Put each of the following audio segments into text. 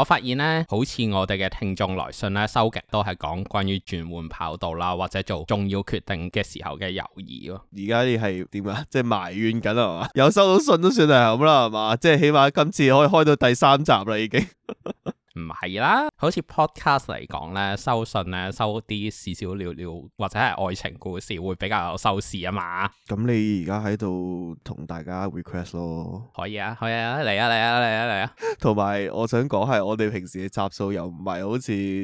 我發現咧，好似我哋嘅聽眾來信咧，收極都係講關於轉換跑道啦，或者做重要決定嘅時候嘅猶豫咯。而家你係點啊？即係埋怨緊係嘛？有收到信都算係咁啦，係嘛？即係起碼今次可以開到第三集啦，已經。 唔係啦，好似 podcast 嚟講呢，收信呢，收啲少少聊聊或者係愛情故事會比較有收視啊嘛。咁你而家喺度同大家 request 咯，可以啊，可以啊，嚟啊嚟啊嚟啊嚟啊。同埋、啊啊啊、我想講係我哋平時嘅集數又唔係好似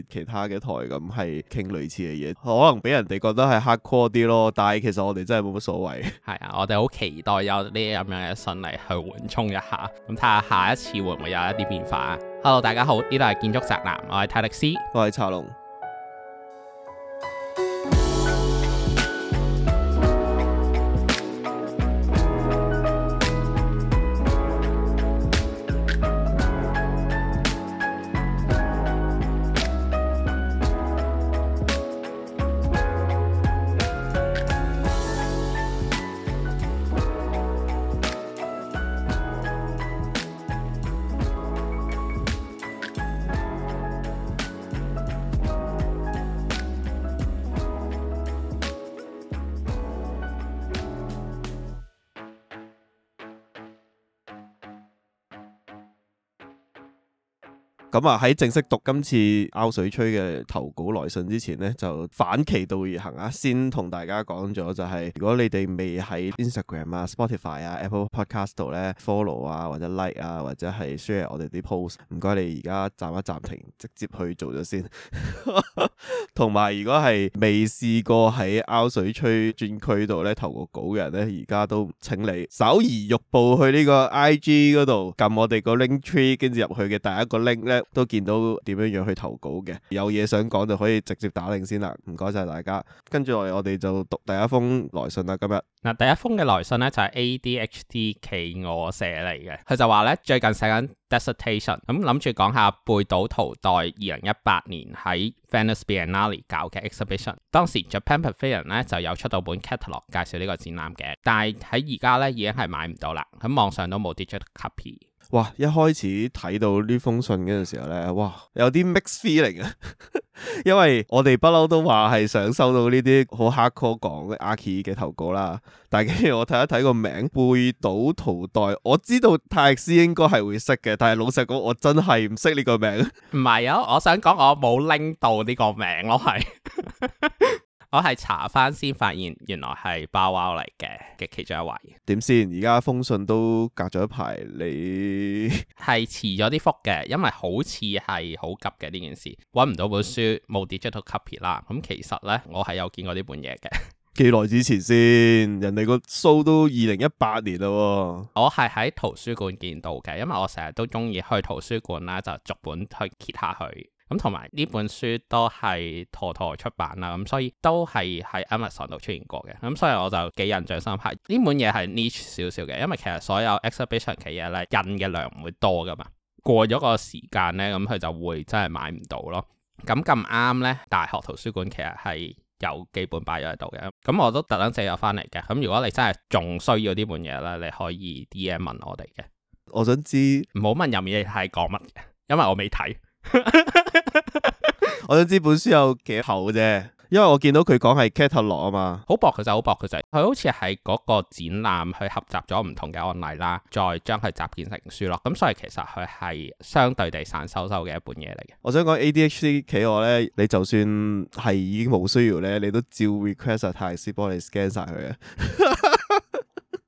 其他嘅台咁係傾類似嘅嘢，可能俾人哋覺得係 hardcore 啲咯。但係其實我哋真係冇乜所謂。係 啊，我哋好期待有呢啲咁樣嘅信嚟去緩衝一下，咁睇下下一次會唔會有一啲變化 Hello，大家好，呢度係建築宅男，我係泰力斯，我係茶龍。咁啊，喺、嗯、正式讀今次 R 水吹嘅投稿來信之前呢，就反其道而行啊！先同大家講咗、就係，就係如果你哋未喺 Instagram 啊、Spotify 啊、Apple Podcast 度呢 follow 啊，或者 like 啊，或者係 share 我哋啲 post，唔該你而家暫一暫停，直接去做咗先。同 埋，如果係未試過喺 R 水吹專區度呢，投個稿嘅人呢，而家都請你手移玉步去呢個 IG 嗰度撳我哋個 link tree，跟住入去嘅第一個 link 呢。都見到點樣樣去投稿嘅，有嘢想講就可以直接打令先啦。唔該晒大家，跟住我哋就讀第一封來信啦。今日嗱，第一封嘅來信咧就係 ADHD 企鵝寫嚟嘅。佢就話咧最近寫緊 dissertation，咁諗住講下貝島桃代二零一八年喺 Venice Biennale 搞嘅 exhibition，當時 Japan Pavilion 就有出到本 catalog 介紹呢個展覽嘅，但係喺而家咧已經係買唔到啦，咁網上都冇 digital copy。哇！一開始睇到呢封信嗰陣時候咧，哇，有啲 mix feeling 啊， 因為我哋不嬲都話係想收到呢啲好 hard core 講 archi 嘅投稿啦，但係竟然我睇一睇個名貝島桃代，我知道泰斯應該係會識嘅，但係老實講，我真係唔識呢個名。唔係啊，我想講我冇拎到呢個名咯，係。 我係查翻先發現，原來係 Bow-Wow 嚟嘅嘅其中一位。點先？而家封信都隔咗一排，你係遲咗啲覆嘅，因為好似係好急嘅呢件事。揾唔到本書，冇 digital copy 啦。咁其實呢，我係有見過呢本嘢嘅。幾耐之前先？人哋個 show 都二零一八年啦。 我係喺圖書館見到嘅，因為我成日都中意去圖書館啦，就逐本去揭下佢。咁同埋呢本書都係陀陀出版啦，咁所以都係喺 Amazon 度出現過嘅，咁所以我就幾印象深刻。呢本嘢係 niche 少少嘅，因為其實所有 exhibition 嘅嘢咧印嘅量唔會多噶嘛。過咗個時間咧，咁佢就會真係買唔到咯。咁咁啱咧，大學圖書館其實係有幾本擺咗喺度嘅，咁我都特登借咗翻嚟嘅。咁如果你真係仲需要本呢本嘢咧，你可以 D M 問我哋嘅。我想知唔好問入面係講乜嘅，因為我未睇。 我想知本書有幾厚啫，因為我見到佢講係 catalog 啊嘛，薄好薄其實好薄其實，佢好似係嗰個展覽去合集咗唔同嘅案例啦，再將佢集建成書咯，咁所以其實佢係相對地散修修嘅一本嘢嚟嘅。我想講 A D H D 企鵝咧，你就算係已經冇需要咧，你都照 request 個泰師幫你 scan 晒佢。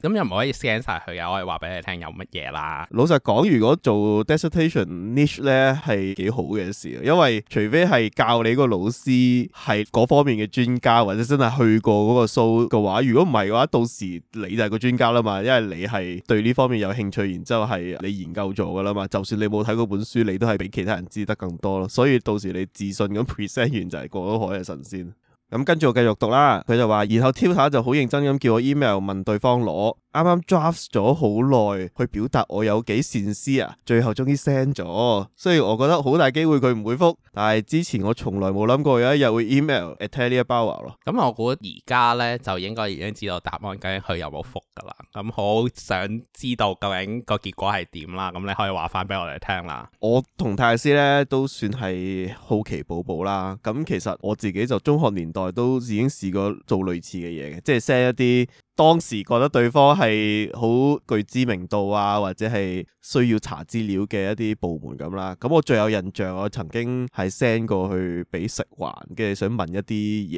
咁又唔可以 scan 晒佢啊？我係話俾你聽，有乜嘢啦？老實講，如果做 dissertation niche 咧，係幾好嘅事，因為除非係教你個老師係嗰方面嘅專家，或者真係去過嗰個 show 嘅話，如果唔係嘅話，到時你就係個專家啦嘛，因為你係對呢方面有興趣，然之後係你研究咗噶啦嘛。就算你冇睇嗰本書，你都係比其他人知得更多咯。所以到時你自信咁 present 完就係、是、過咗海嘅神仙。咁、嗯、跟住我繼續讀啦，佢就話，然後 Tata 就好認真咁叫我 email 問對方攞，啱啱 draft 咗好耐，去表達我有幾善思啊，最後終於 send 咗，雖然我覺得好大機會佢唔會覆，但係之前我從來冇諗過有一日會 email Atelier Bow-Wow 囉，咁我估而家呢，就應該已經知道答案，究竟佢有冇覆噶啦，咁好想知道究竟個結果係點啦，咁你可以話翻俾我哋聽啦。我同泰斯呢，都算係好奇寶寶啦，咁其實我自己就中學年，都已經試過做類似嘅嘢嘅，即係 send 一啲當時覺得對方係好具知名度啊，或者係需要查資料嘅一啲部門咁啦。咁我最有印象，我曾經係 send 過去俾食環，嘅，想問一啲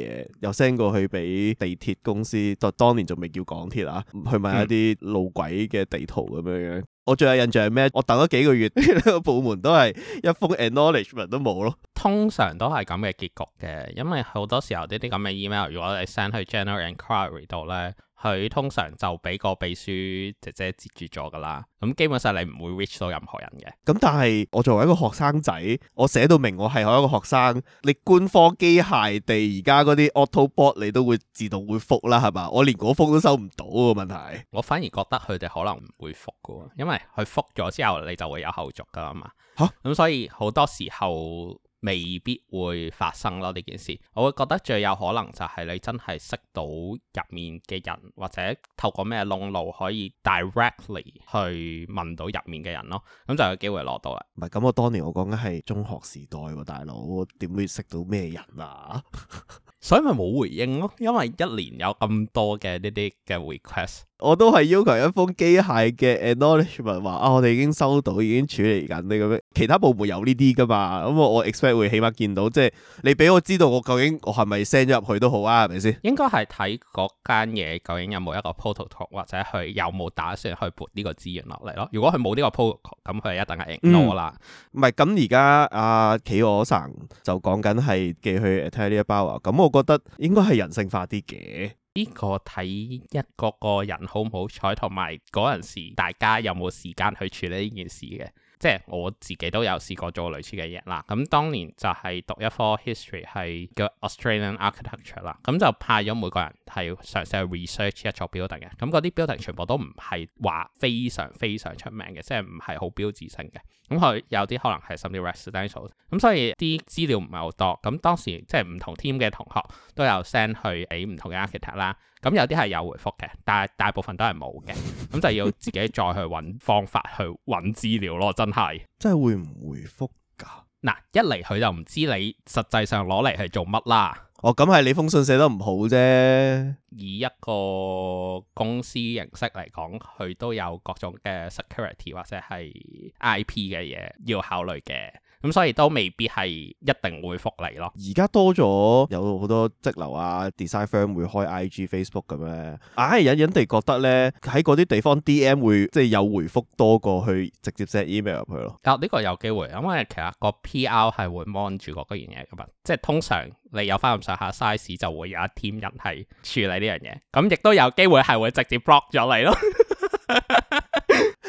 嘢，又 send 過去俾地鐵公司，當當年仲未叫港鐵啊，去問一啲路軌嘅地圖咁樣樣。嗯、我最有印象係咩？我等咗幾個月， 個部門都係一封 acknowledgement 都冇咯。通常都係咁嘅結局嘅，因為好多時候呢啲咁嘅 email，如果你 send 去 general enquiry 度呢，佢通常就俾個秘書姐姐截住咗噶啦。咁、嗯、基本上你唔會 reach 到任何人嘅。咁但係我作為一個學生仔，我寫到明我係我一個學生，你官方機械地而家嗰啲 auto bot 你都會自動會覆啦，係嘛？我連嗰封都收唔到嘅問題。我反而覺得佢哋可能唔會覆噶，因為佢覆咗之後你就會有後續噶嘛。好 Huh?、嗯，咁所以好多時候。未必會發生咯，呢件事我會覺得最有可能就係你真係識到入面嘅人，或者透過咩窿路可以 directly 去問到入面嘅人咯，咁就有機會攞到啦。唔係咁，我當年我講緊係中學時代喎，大佬點會識到咩人啊？ 所以咪冇回應咯，因為一年有咁多嘅呢啲嘅 request。我都係要求一封機械嘅 acknowledgement，話啊，我哋已經收到，已經處理緊呢個咩？其他部門有呢啲噶嘛？咁、嗯、我我 expect 會起碼見到，即係你俾我知道我究竟我係咪 send 咗入去都好啊？係咪先？應該係睇嗰間嘢，究竟有冇一個 portal，或者佢有冇打算去撥呢個資源落嚟咯。如果佢冇呢個 portal，咁佢係一定係 ignore 啦。唔係了，咁而家阿企鵝神就講緊係寄去睇呢一包啊。咁我覺得應該係人性化啲嘅。呢個睇一個個人好唔好彩，同埋嗰陣時大家有冇時間去處理呢件事嘅。即係我自己都有試過做類似嘅嘢啦。咁當年就係讀一科 history 係叫 Australian architecture 啦。咁就派咗每個人係嘗試去 research 一座 building 嘅。咁嗰啲 building 全部都唔係話非常非常出名嘅，即係唔係好標誌性嘅。咁佢有啲可能係甚至 residential。咁所以啲資料唔係好多。咁當時即係唔同 team 嘅同學都有 send 去俾唔同嘅 architect 啦。咁有啲係有回覆嘅，但係大部分都係冇嘅。咁 就要自己再去揾方法去揾資料咯。真係真係會唔會回覆噶嗱，一嚟佢就唔知你實際上攞嚟係做乜啦。哦，咁係你封信寫得唔好啫。以一個公司形式嚟講，佢都有各種嘅 security 或者係 IP 嘅嘢要考慮嘅。咁、嗯、所以都未必係一定會復你咯。而家多咗有好多職流啊，design firm 會開 IG、Facebook 咁咧，唉、啊，隱隱地覺得咧喺嗰啲地方 DM 會即係有回覆多過去直接 set email 入去咯。嗱、嗯，呢、呢個有機會，因、嗯、為其實個 PR 係會 mon 住嗰個嘢咁嘛。即、就、係、係、通常你有翻咁上下 size 就會有一 team 人係處理呢樣嘢，咁、嗯、亦都有機會係會直接 block 咗你咯。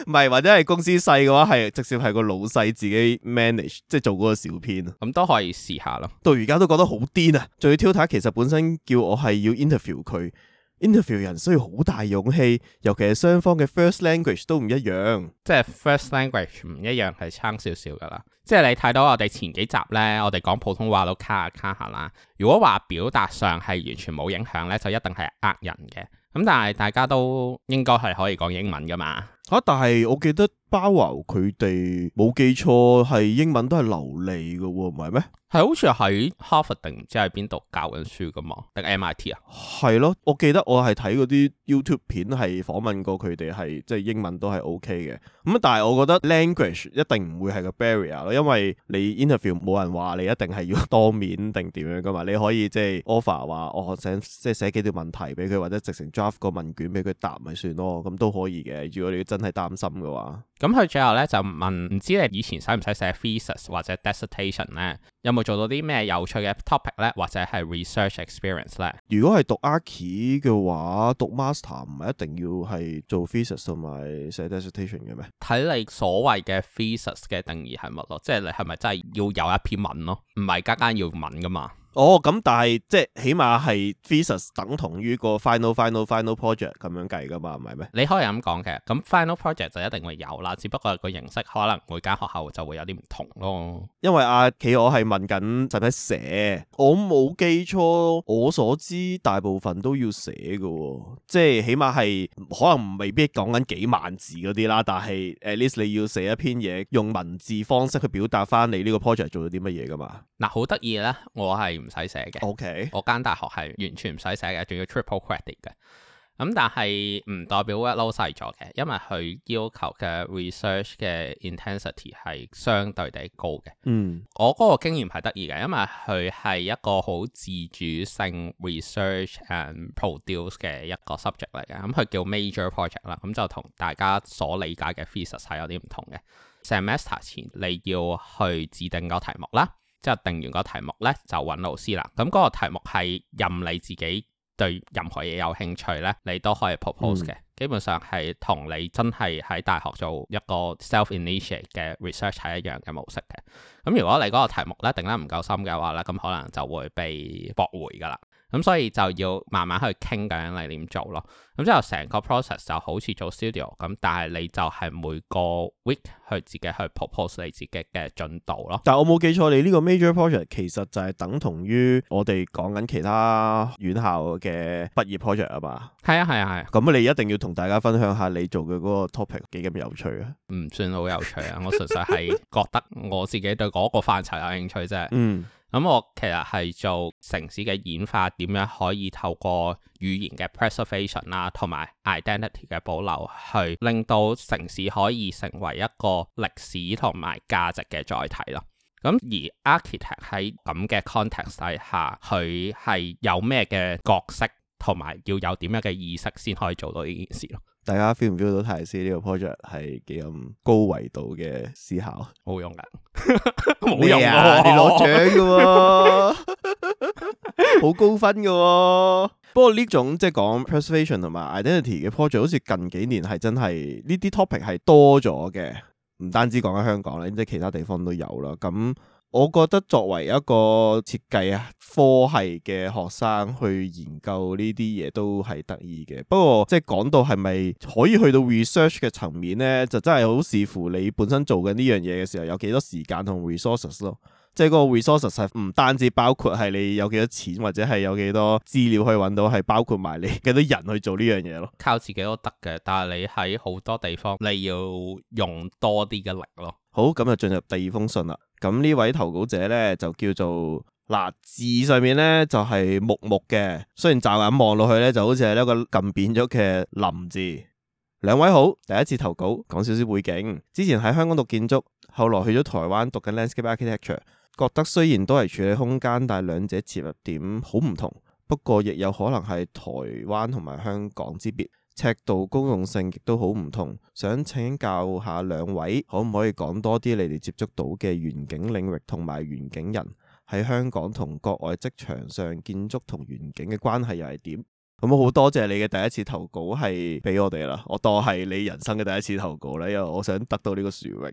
唔係， 或者係公司細嘅話，係直接係個老細自己 manage，即係做嗰個小編啊，咁都、嗯、可以試下咯。到而家都覺得好癲啊！最調塔其實本身叫我係要 interview 佢，interview 人需要好大勇氣，尤其係雙方嘅 first language 都唔一樣，即係 first language 唔一樣係差少少噶啦。 即係你睇到我哋前幾集呢，我哋講普通話都卡下卡下啦。如果話表達上係完全冇影響呢，就一定係呃人嘅。咁但係大家都應該係可以講英文噶嘛？吓、啊，但係我記得。包留佢哋冇記錯，係英文都係流利嘅喎、哦，唔係咩？係好似喺哈佛定即係邊度教緊書噶嘛？定 MIT 啊？係咯，我記得我係睇嗰啲 YouTube 片，係訪問過佢哋係即係英文都係 OK 嘅。咁但係我覺得 language 一定唔會係個 barrier 咯，因為你 interview 冇人話你一定係要當面定點樣噶嘛，你可以即係 offer 話我想即係寫幾條問題俾佢，或者直程 draft 個問卷俾佢答咪算咯，咁都可以嘅。如果你真係擔心嘅話。咁佢最後咧就問，唔知你以前使唔使寫 thesis 或者 dissertation 咧？有冇做到啲咩有趣嘅 topic 咧？或者係 research experience 咧？如果係讀 Archi 嘅話，讀 master 唔係一定要係做 thesis 同埋寫 dissertation 嘅咩？睇你所謂嘅 thesis 嘅定義係乜咯？即係你係咪真係要有一篇文咯？唔係間間要文噶嘛？哦，咁但係即係起碼係 thesis 等同於個 final final final project 咁樣計噶嘛，唔係咩？你可以咁講嘅，咁 final project 就一定會有啦，只不過個形式可能每間學校就會有啲唔同咯。因為阿、啊、企我係問緊使唔使寫，我冇記錯，我所知大部分都要寫噶、喔，即係起碼係可能未必講緊幾萬字嗰啲啦，但係 at least 你要寫一篇嘢，用文字方式去表達翻你呢個 project 做咗啲乜嘢噶嘛。嗱，好得意咧！我係唔使寫嘅，Okay. 我間大學係完全唔使寫嘅，仲要 triple credit 嘅。咁、嗯、但係唔代表 workload 細咗嘅，因為佢要求嘅 research 嘅 intensity 係相對地高嘅、嗯。嗯，我嗰個經驗係得意嘅，因為佢係一個好自主性 research and produce 嘅一個 subject 嚟嘅。咁佢叫 major project 啦，咁就同大家所理解嘅 thesis 係有啲唔同嘅。semester 前你要去指定個題目啦。即係定完個題目咧，就揾老師啦。咁嗰個題目係任你自己對任何嘢有興趣咧，你都可以 propose 嘅。嗯、基本上係同你真係喺大學做一個 self-initiate 嘅 research 係、er、一樣嘅模式嘅。咁如果你嗰個題目咧定得唔夠深嘅話咧，咁可能就會被駁回噶啦。咁、嗯、所以就要慢慢去傾緊嚟點做咯，咁之後成個 process 就好似做 studio 咁，但係你就係每個 week 去自己去 propose 你自己嘅進度咯。但係我冇記錯，你呢個 major project 其實就係等同於我哋講緊其他院校嘅畢業 project 啊嘛？係啊係啊係。咁你一定要同大家分享下你做嘅嗰個 topic 幾咁有趣啊。唔算好有趣啊， 我純粹係覺得我自己對嗰個範疇有興趣啫。嗯。咁我其實係做城市嘅演化，點樣可以透過語言嘅 preservation 啦，同埋 identity 嘅保留，去令到城市可以成為一個歷史同埋價值嘅載體咯。咁而 architect 喺咁嘅 context 底下，佢係有咩嘅角色？同埋要有點樣嘅意識先可以做到呢件事咯。大家 feel 唔 feel 到 thesis 呢、這個 project 係幾咁高維度嘅思考？冇用嘅，冇 用啊！你攞獎嘅喎、啊， 好高分嘅喎、啊。不過呢種即、就是、係講 persuasion 同埋 identity 嘅 project，好似近幾年係真係呢啲 topic 係多咗嘅。唔單止講緊香港咧，即係其他地方都有啦。咁。我覺得作為一個設計啊科系嘅學生去研究呢啲嘢都係得意嘅。不過即係講到係咪可以去到 research 嘅層面呢，就真係好視乎你本身做緊呢樣嘢嘅時候有幾多時間同 resources 咯。即係個 resources 係唔單止包括係你有幾多錢或者係有幾多資料可以揾到，係包括埋你幾多人去做呢樣嘢咯。靠自己都得嘅，但係你喺好多地方你要用多啲嘅力咯。好，咁就進入第二封信啦。咁呢位投稿者咧就叫做嗱，字上面咧就係木木嘅。雖然乍眼望落去咧就好似係呢個撳扁咗嘅林字。兩位好，第一次投稿，講少少背景。之前喺香港讀建築，後來去咗台灣讀緊 landscape architecture，覺得雖然都係處理空間，但係兩者切入點好唔同。不過亦有可能係台灣同埋香港之別。尺度公用性亦都好唔同，想請教下兩位，可唔可以講多啲你哋接觸到嘅園境領域同埋園境人喺香港同國外職場上建築同園境嘅關係又係點？咁好多謝你嘅第一次投稿係俾我哋啦，我當係你人生嘅第一次投稿啦，因為我想得到呢個殊榮。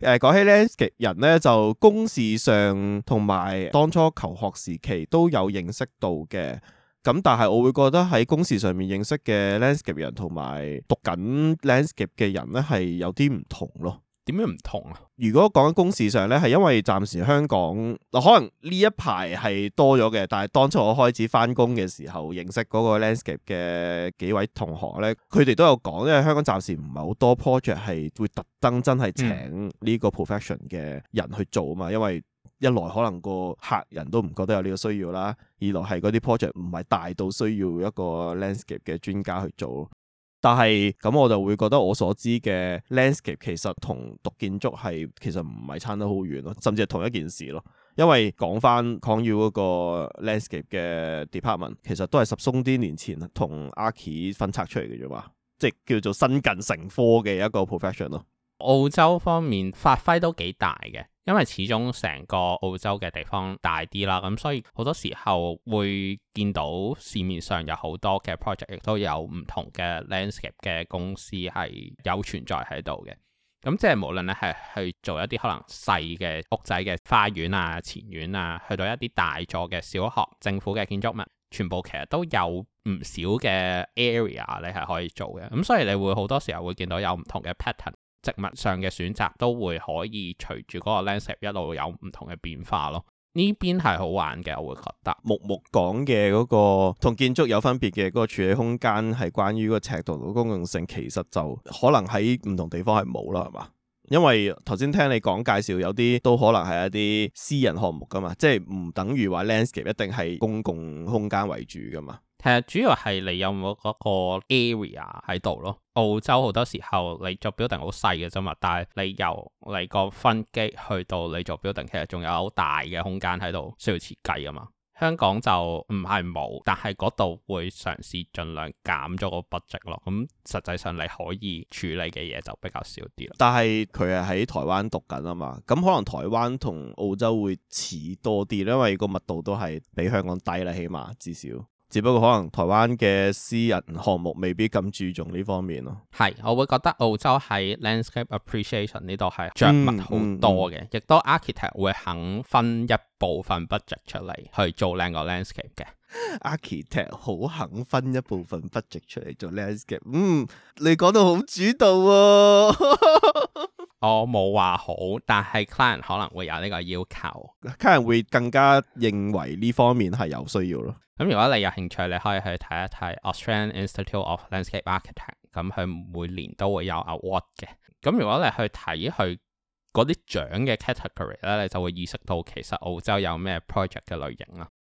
誒，講起呢，人呢，就公事上同埋當初求學時期都有認識到嘅。咁但係我會覺得喺公事上面認識嘅 landscape 人同埋讀緊 landscape 嘅人咧，係有啲唔同咯。點樣唔同啊？如果講緊公事上咧，係因為暫時香港嗱，可能呢一排係多咗嘅，但係當初我開始翻工嘅時候認識嗰個 landscape 嘅幾位同學咧，佢哋都有講，因為香港暫時唔係好多 project 係會特登真係請呢個 profession 嘅人去做啊嘛，嗯、因為。一來可能個客人都唔覺得有呢個需要啦，二來係嗰啲 project 唔係大到需要一個 landscape 嘅專家去做。但係咁我就會覺得我所知嘅 landscape 其實同讀建築係其實唔係差得好遠咯，甚至係同一件事咯。因為講翻康裕嗰個 landscape 嘅 department，其實都係十鬆啲年前同阿 r c 分拆出嚟嘅啫嘛，即係叫做新近成科嘅一個 profession 咯。澳洲方面發揮都幾大嘅。因為始終成個澳洲嘅地方大啲啦，咁所以好多時候會見到市面上有好多嘅 project，亦都有唔同嘅 landscape 嘅公司係有存在喺度嘅。咁即係無論你係去做一啲可能細嘅屋仔嘅花園啊、前院啊，去到一啲大座嘅小學、政府嘅建築物，全部其實都有唔少嘅 area 你係可以做嘅。咁所以你會好多時候會見到有唔同嘅 pattern。植物上嘅選擇都會可以隨住嗰個 landscape 一路有唔同嘅變化咯，呢邊係好玩嘅，我會覺得木木講嘅嗰個同建築有分別嘅嗰個處理空間係關於個尺度同個公共性，其實就可能喺唔同地方係冇啦，係嘛？因為頭先聽你講介紹，有啲都可能係一啲私人項目㗎嘛，即係唔等於話 landscape 一定係公共空間為主㗎嘛。其實主要係你有冇嗰個 area 喺度咯。澳洲好多時候你做 building 好細嘅啫嘛，但係你由你個分機去到你做 building，其實仲有好大嘅空間喺度需要設計啊嘛。香港就唔係冇，但係嗰度會嘗試盡量減咗個 budget 咯。咁實際上你可以處理嘅嘢就比較少啲。但係佢係喺台灣讀緊啊嘛，咁可能台灣同澳洲會似多啲，因為個密度都係比香港低啦，起碼至少。只不過可能台灣嘅私人項目未必咁注重呢方面咯。係，我會覺得澳洲喺 landscape appreciation 呢度係著墨好多嘅，亦都 architect 會肯分一部分 budget 出嚟去做靚個 landscape 嘅。architect 好肯分一部分 budget 出嚟做 landscape。嗯，你講到好主動喎。我冇話好，但係 client 可能會有呢個要求，client 會更加認為呢方面係有需要咯。咁如果你有興趣，你可以去睇一睇 Australian Institute of Landscape Architect，咁佢每年都會有 award 嘅。咁如果你去睇佢嗰啲獎嘅 category 咧，你就會意識到其實澳洲有咩 project 嘅類型啦。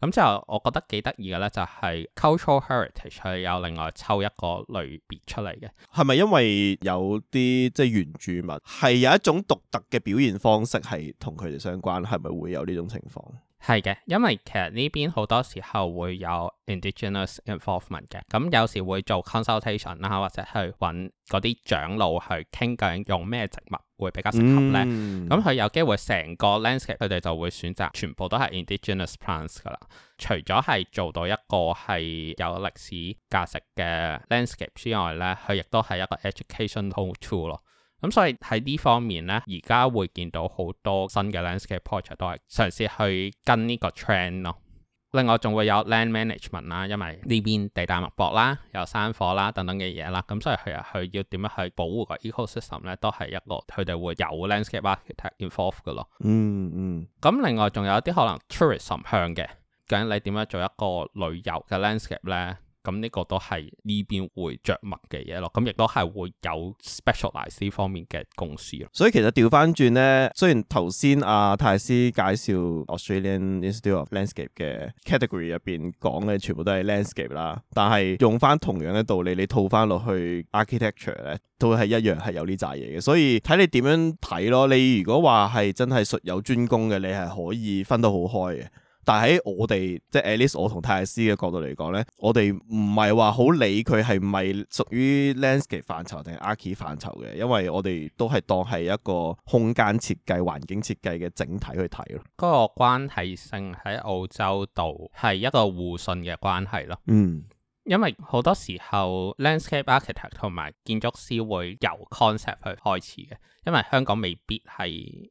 咁之後，我覺得幾得意嘅咧，就係 Cultural heritage 係有另外抽一個類別出嚟嘅。係咪因為有啲即係原住民係有一種獨特嘅表現方式，係同佢哋相關？係咪會有呢種情況？係嘅，因為其實呢邊好多時候會有 indigenous involvement 嘅，咁有時會做 consultation 啦，或者去搵嗰啲長老去傾究竟用咩植物會比較適合呢。咁佢、嗯、有機會成個 landscape 佢哋就會選擇全部都係 indigenous plants 噶啦，除咗係做到一個係有歷史價值嘅 landscape 之外呢，佢亦都係一個 educational tool 咯。咁所以喺呢方面呢，而家會見到好多新嘅 landscape project 都係嘗試去跟呢個 trend 咯。另外仲會有 land management 啦，因為呢邊地大物博啦，有山火啦等等嘅嘢啦。咁所以佢啊佢要點樣去保護個 ecosystem 呢？都係一個佢哋會有 landscape architect involved 噶咯。嗯嗯。咁、嗯、另外仲有啲可能 tourism 向嘅，究竟你點樣做一個旅遊嘅 landscape 呢？咁呢個都係呢邊會着墨嘅嘢咯，咁亦都係會有 specialise 呢方面嘅公司。所以其實調翻轉呢，雖然頭先阿泰斯介紹 Australian Institute of Landscape 嘅 category 入邊講嘅全部都係 landscape 啦，但係用翻同樣嘅道理，你套翻落去 architecture 呢，都係一樣係有呢扎嘢嘅。所以睇你點樣睇咯。你如果話係真係術有專攻嘅，你係可以分得好開嘅。但喺我哋即係 at least 我同泰斯嘅角度嚟講，呢我哋唔係話好理佢係唔係屬於 landscape 範疇定係 architect 範疇嘅，因為我哋都係當係一個空間設計環境設計嘅整體去睇咯。嗰個關係性喺澳洲度係一個互信嘅關係咯。嗯，因為好多時候 landscape architect 同埋建築師會由 concept 去開始嘅，因為香港未必係。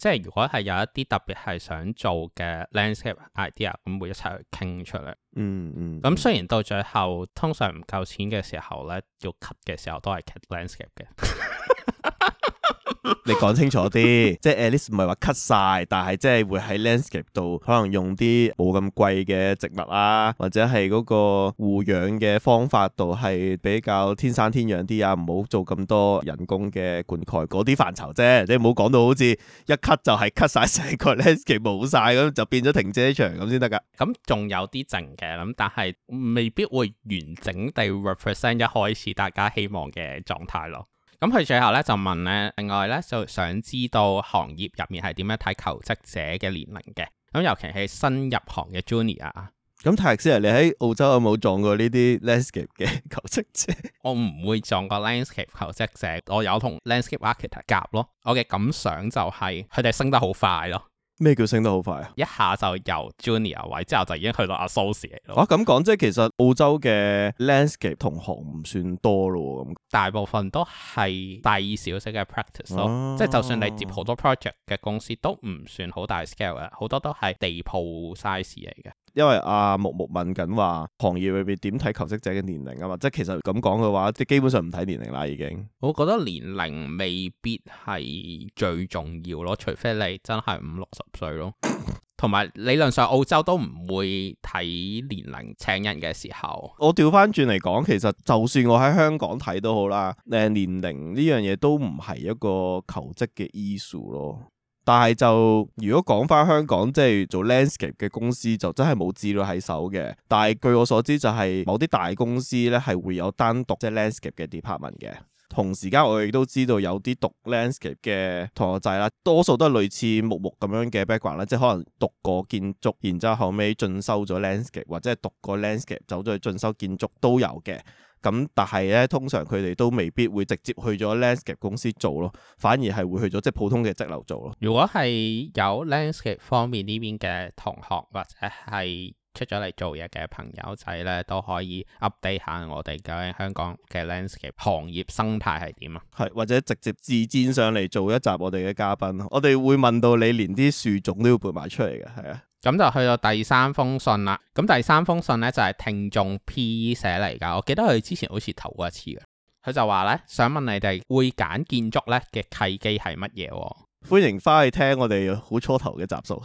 即係如果係有一啲特別係想做嘅 landscape idea，咁會一齊去傾出嚟。嗯。嗯嗯。咁雖然到最後通常唔夠錢嘅時候咧，要 cut 嘅時候都係 cut landscape 嘅。 你講清楚啲，即係 at least 唔係話 cut 晒，但係即係會喺 landscape 度可能用啲冇咁貴嘅植物啊，或者係嗰個護養嘅方法度係比較天生天養啲啊，唔好做咁多人工嘅灌溉嗰啲範疇啫，你唔好講到好似一 cut 就係 cut 晒成個 landscape 冇晒咁，就變咗停車場咁先得噶。咁仲有啲剩嘅，咁但係未必會完整地 represent 一開始大家希望嘅狀態咯。咁佢最後咧就問咧，另外咧就想知道行業入面係點樣睇求職者嘅年齡嘅，咁尤其係新入行嘅 Junior 啊。咁泰斯啊你喺澳洲有冇撞過呢啲 landscape 嘅求職者？ 我唔會撞過 landscape 求職者，我有同 landscape architect 夾咯。我嘅感想就係佢哋升得好快咯。咩叫升得好快啊？一下就由 Junior 位之後就已經去到 Associate 咯。啊，咁講即係其實澳洲嘅 landscape 同學唔算多咯，咁大部分都係大二小息嘅 practice 咯，啊。即係就算你接好多 project 嘅公司都唔算好大 scale 嘅，好多都係地鋪 size 嚟嘅。因為阿木木問緊話，行業裏邊點睇求職者嘅年齡啊嘛，即係其實咁講嘅話，即基本上唔睇年齡啦已經。我覺得年齡未必係最重要咯，除非你真係五六十歲咯。同埋 理論上澳洲都唔會睇年齡，請人嘅時候。我調翻轉嚟講，其實就算我喺香港睇都好啦，誒年齡呢樣嘢都唔係一個求職嘅要素咯。但係就如果講返香港，即係做 landscape 嘅公司就真係冇資料喺手嘅。但係據我所知，就係某啲大公司咧係會有單獨即係、就是、landscape 嘅 department 嘅。同時間我哋都知道有啲讀 landscape 嘅同學仔啦，多數都係類似木木咁樣嘅 background 啦，即係可能讀過建築，然之後後尾進修咗 landscape，或者係讀過 landscape 走咗去進修建築都有嘅。咁但係咧，通常佢哋都未必會直接去咗 landscape 公司做咯，反而係會去咗即係普通嘅則樓做咯。如果係有 landscape 方面呢邊嘅同學或者係出咗嚟做嘢嘅朋友仔咧，都可以 update 下我哋究竟香港嘅 landscape 行業生態係點啊？係或者直接自薦上嚟做一集我哋嘅嘉賓，我哋會問到你連啲樹種都要背埋出嚟嘅，係啊？咁就去到第三封信啦。咁第三封信呢，就係、是、聽眾 P 寫嚟噶。我記得佢之前好似投過一次嘅。佢就話呢，想問你哋會揀建築呢嘅契機係乜嘢？歡迎翻去聽我哋好初頭嘅集數，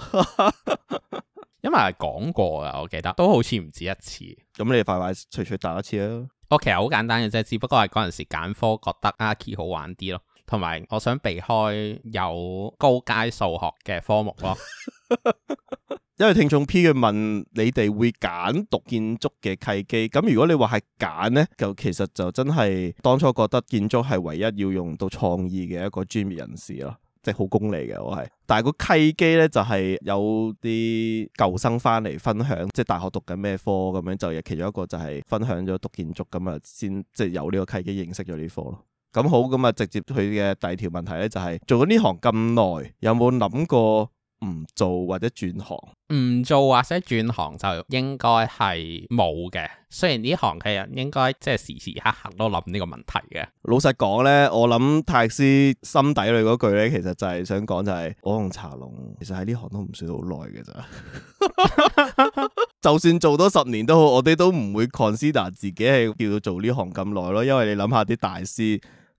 因為係講過噶，我記得都好似唔止一次。咁你快快脆脆答一次啦。我其實好簡單嘅啫，只不過係嗰陣時揀科覺得 Archi 好玩啲咯，同埋我想避開有高階數學嘅科目咯。 因為聽眾 P 嘅問，你哋會揀讀建築嘅契機？咁如果你話係揀呢，就其實就真係當初覺得建築係唯一要用到創意嘅一個專業人士咯，即係好功利嘅我係。但係個契機呢，就係、是、有啲舊生翻嚟分享，即係大學讀緊咩科咁樣，就其中一個就係分享咗讀建築咁啊，先即係有呢個契機認識咗呢科咯。咁好，咁啊直接佢嘅第二條問題呢，就係、是、做咗呢行咁耐，有冇諗過？唔做或者轉行，唔做或者轉行就應該係冇嘅。雖然呢行嘅人應該即係時時刻刻都諗呢個問題嘅。老實講呢，我諗泰師心底裏嗰句呢，其實就係想講就係、是、我用茶龍，其實喺呢行都唔算好耐嘅咋。 就算做多十年都好，我哋都唔會 consider 自己係叫做做呢行咁耐咯。因為你諗下啲大師。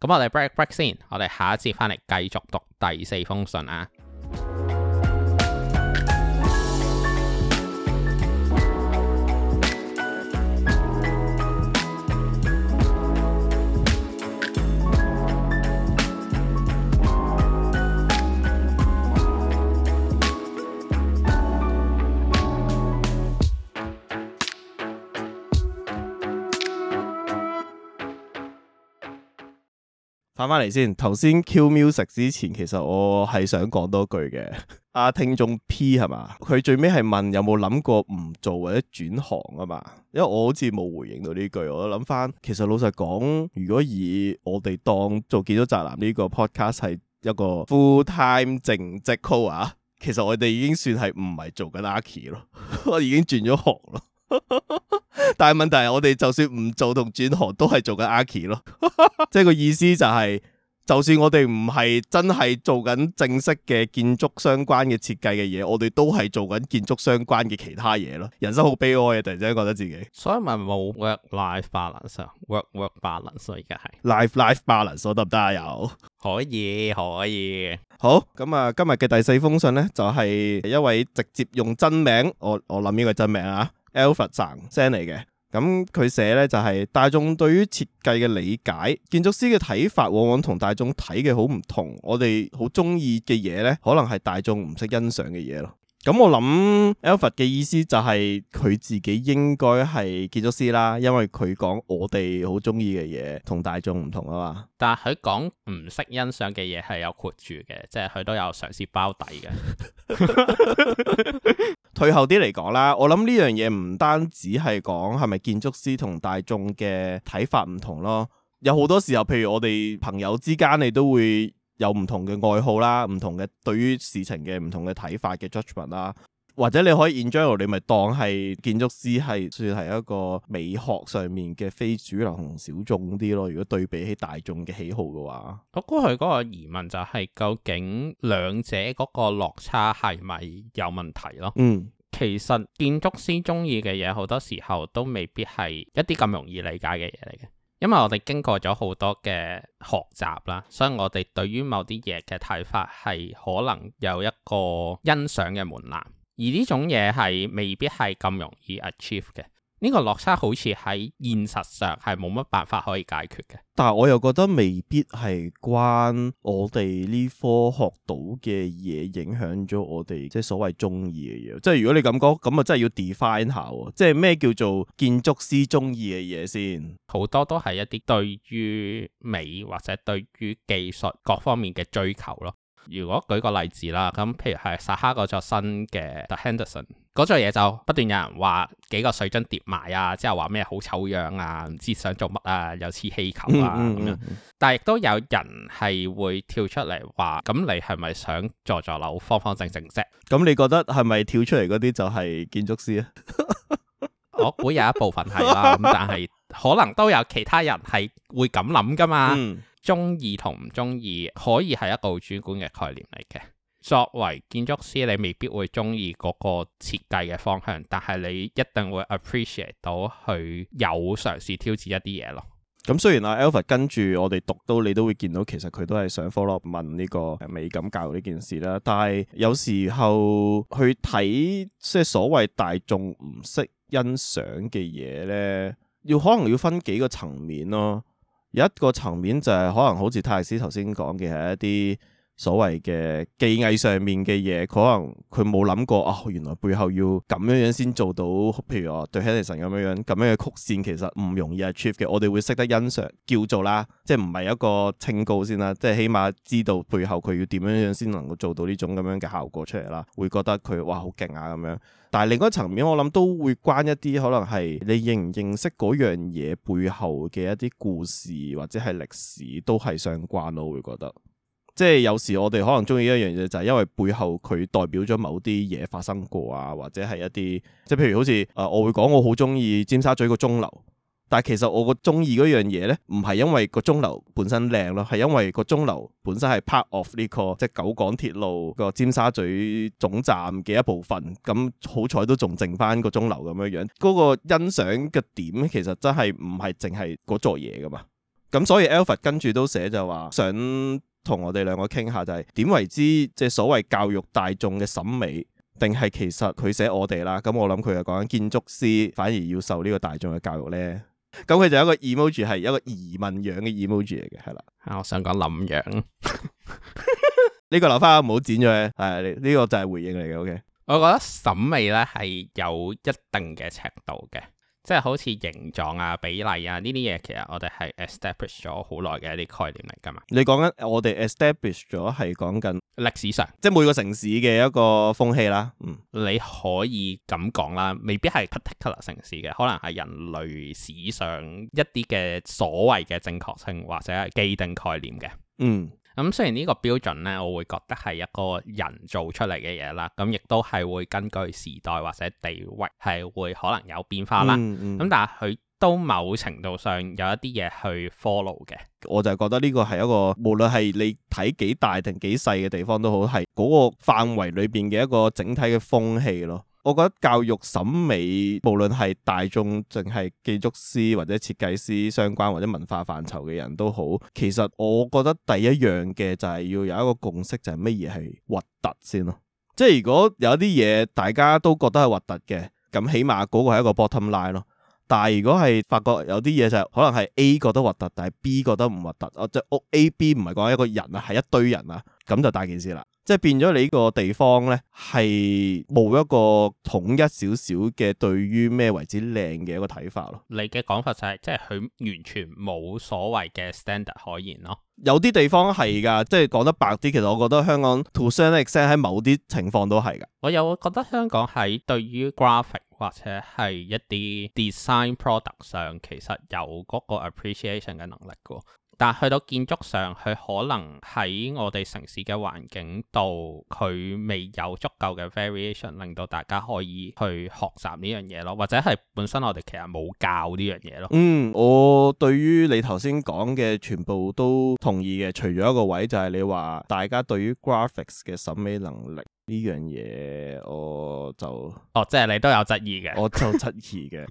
咁我哋 break break 先，我哋下一節翻嚟繼續讀第四封信啊。翻翻嚟先，頭先 Q Music 之前，其實我係想講多句嘅。阿、啊、聽眾 P 係嘛，佢最尾係問有冇諗過唔做或者轉行啊嘛？因為我好似冇回應到呢句，我諗翻其實老實講，如果以我哋當做建築宅男呢個 Podcast 係一個 full time 正職嘅話，其實我哋已經算係唔係做緊 Lucky 咯，我 已經轉咗行咯。 但係問題係，我哋就算唔做同轉行，都係做緊 archi 咯。即係個意思就係，就算我哋唔係真係做緊正式嘅建築相關嘅設計嘅嘢，我哋都係做緊建築相關嘅其他嘢咯。人生好悲哀啊！突然之間覺得自己，所以咪冇 work life balance，work work balance，所以而家係 life life balance 得唔得啊？有可以可以，可以好咁啊！今日嘅第四封信咧，就係一位直接用真名，我我諗呢個真名啊。Alfred send 嚟嘅，咁佢寫咧就係、是、大眾對於設計嘅理解，建築師嘅睇法往往同大眾睇嘅好唔同。我哋好中意嘅嘢咧，可能係大眾唔識欣賞嘅嘢咯。咁、嗯、我諗 Alfred 嘅意思就係佢自己應該係建築師啦，因為佢講我哋好中意嘅嘢同大眾唔同啊嘛。但係佢講唔識欣賞嘅嘢係有括住嘅，即係佢都有嘗試包底嘅。 退後啲嚟講啦，我諗呢樣嘢唔單止係講係咪建築師同大眾嘅睇法唔同咯，有好多時候，譬如我哋朋友之間，你都會有唔同嘅愛好啦，唔同嘅對於事情嘅唔同嘅睇法嘅 judgement 啦。或者你可以 enjoy，你咪當係建築師，係算係一個美學上面嘅非主流同小眾啲咯。如果對比起大眾嘅喜好嘅話，我估佢嗰個疑問就係究竟兩者嗰個落差係咪有問題咯？嗯，其實建築師中意嘅嘢好多時候都未必係一啲咁容易理解嘅嘢嚟嘅，因為我哋經過咗好多嘅學習啦，所以我哋對於某啲嘢嘅睇法係可能有一個欣賞嘅門檻。而呢種嘢係未必係咁容易 achieve 嘅，呢個落差好似喺現實上係冇乜辦法可以解決嘅。但係我又覺得未必係關我哋呢科學到嘅嘢影響咗我哋即係所謂中意嘅嘢。即係如果你咁講，咁啊真係要 define 下喎，即係咩叫做建築師中意嘅嘢先？好多都係一啲對於美或者對於技術各方面嘅追求咯。如果舉個例子啦，咁譬如係薩哈嗰座新嘅 The Henderson 嗰座嘢，就不斷有人話幾個水樽疊埋啊，之後話咩好醜樣啊，唔知想做乜啊，又似氣球啊咁樣。嗯嗯嗯、但係亦都有人係會跳出嚟話，咁你係咪想座座樓方方正正啫？咁你覺得係咪跳出嚟嗰啲就係建築師呀？ 我估有一部分係啦，咁但係可能都有其他人係會咁諗噶嘛。嗯中意同唔中意可以係一個好主觀嘅概念嚟嘅。作為建築師，你未必會中意嗰個設計嘅方向，但係你一定會 appreciate 到佢有嘗試挑戰一啲嘢咯。咁雖然阿 Alfred 跟住我哋讀到，你都會見到其實佢都係想 follow 問呢個美感教育呢件事啦。但係有時候去睇即係所謂大眾唔識欣賞嘅嘢咧，要可能要分幾個層面咯。有一個層面就係可能好似泰斯頭先講嘅係一啲所謂嘅技藝上面嘅嘢，可能佢冇諗過，哦原來背後要咁樣樣先做到，譬如我對 Henderson 咁樣樣咁樣嘅曲線，其實唔容易係 Achieve 嘅。我哋會識得欣賞，叫做啦，即係唔係一個清高先啦，即係起碼知道背後佢要點樣樣先能夠做到呢種咁樣嘅效果出嚟啦，會覺得佢哇好勁啊咁樣。但係另一個層面，我諗都會關一啲，可能係你認唔認識嗰樣嘢背後嘅一啲故事或者係歷史都係相關咯。我會覺得即係有時我哋可能中意一樣嘢，就係因為背後佢代表咗某啲嘢發生過啊，或者係一啲即係譬如好似誒，我會講我好中意尖沙咀個鐘樓。但係其實我個中意嗰樣嘢咧，唔係因為個鐘樓本身靚咯，係因為個鐘樓本身係 part of 呢、這個即係九廣鐵路個尖沙咀總站嘅一部分。咁、嗯、好彩都仲剩翻個鐘樓咁樣樣，嗰、那個欣賞嘅點其實真係唔係淨係嗰座嘢噶嘛。咁所以 Alfred 跟住都寫就話，想同我哋兩個傾下、就是，就係點為之即係所謂教育大眾嘅審美，定係其實佢寫我哋啦。咁我諗佢又講緊建築師反而要受呢個大眾嘅教育咧。咁佢就有一個 emoji 係一個移民樣嘅 emoji 嚟嘅，係啦、嗯。啊，我想講林樣，呢 個留翻我唔好剪咗嘅。係、這、呢個就係回應嚟嘅。O、okay? K，我覺得審美咧係有一定嘅尺度嘅。即係好似形狀啊、比例啊呢啲嘢，其實我哋係 establish 咗好耐嘅一啲概念嚟㗎嘛。你講緊我哋 establish 咗係講緊歷史上，即係每個城市嘅一個風氣啦。嗯，你可以咁講啦，未必係 particular 城市嘅，可能係人類史上一啲嘅所謂嘅正確性或者係既定概念嘅。嗯。咁雖然呢個標準咧，我會覺得係一個人做出嚟嘅嘢啦，咁亦都係會根據時代或者地域係會可能有變化啦。咁、嗯嗯、但係佢都某程度上有一啲嘢去 follow 嘅。我就係覺得呢個係一個，無論係你睇幾大定幾細嘅地方都好，係嗰個範圍裏邊嘅一個整體嘅風氣咯。我覺得教育審美，無論係大眾淨係建築師或者設計師相關，或者文化範疇嘅人都好，其實我覺得第一樣嘅就係要有一個共識，就係乜嘢係核突先咯。即係如果有啲嘢大家都覺得係核突嘅，咁起碼嗰個係一個 bottom line 咯。但係如果係發覺有啲嘢就係可能係 A 覺得核突，但係 B 覺得唔核突，我即係屋 A B 唔係講一個人啊，係一堆人啊，咁就大件事啦。即係變咗你呢個地方咧，係冇一個統一少少嘅對於咩為之靚嘅一個睇法咯。你嘅講法就係、是，即係佢完全冇所謂嘅 standard 可言咯。有啲地方係㗎，即係講得白啲，其實我覺得香港 to certain extent 喺某啲情況都係㗎。我又覺得香港喺對於 graphic 或者係一啲 design product 上，其實有嗰個 appreciation 嘅能力㗎。但去到建築上，佢可能喺我哋城市嘅環境度，佢未有足夠嘅 variation，令到大家可以去學習呢樣嘢咯，或者係本身我哋其實冇教呢樣嘢咯。嗯，我對於你頭先講嘅全部都同意嘅，除咗一個位就係你話大家對於 graphics 嘅審美能力呢樣嘢，我就哦，即係你都有質疑嘅，我就有質疑嘅。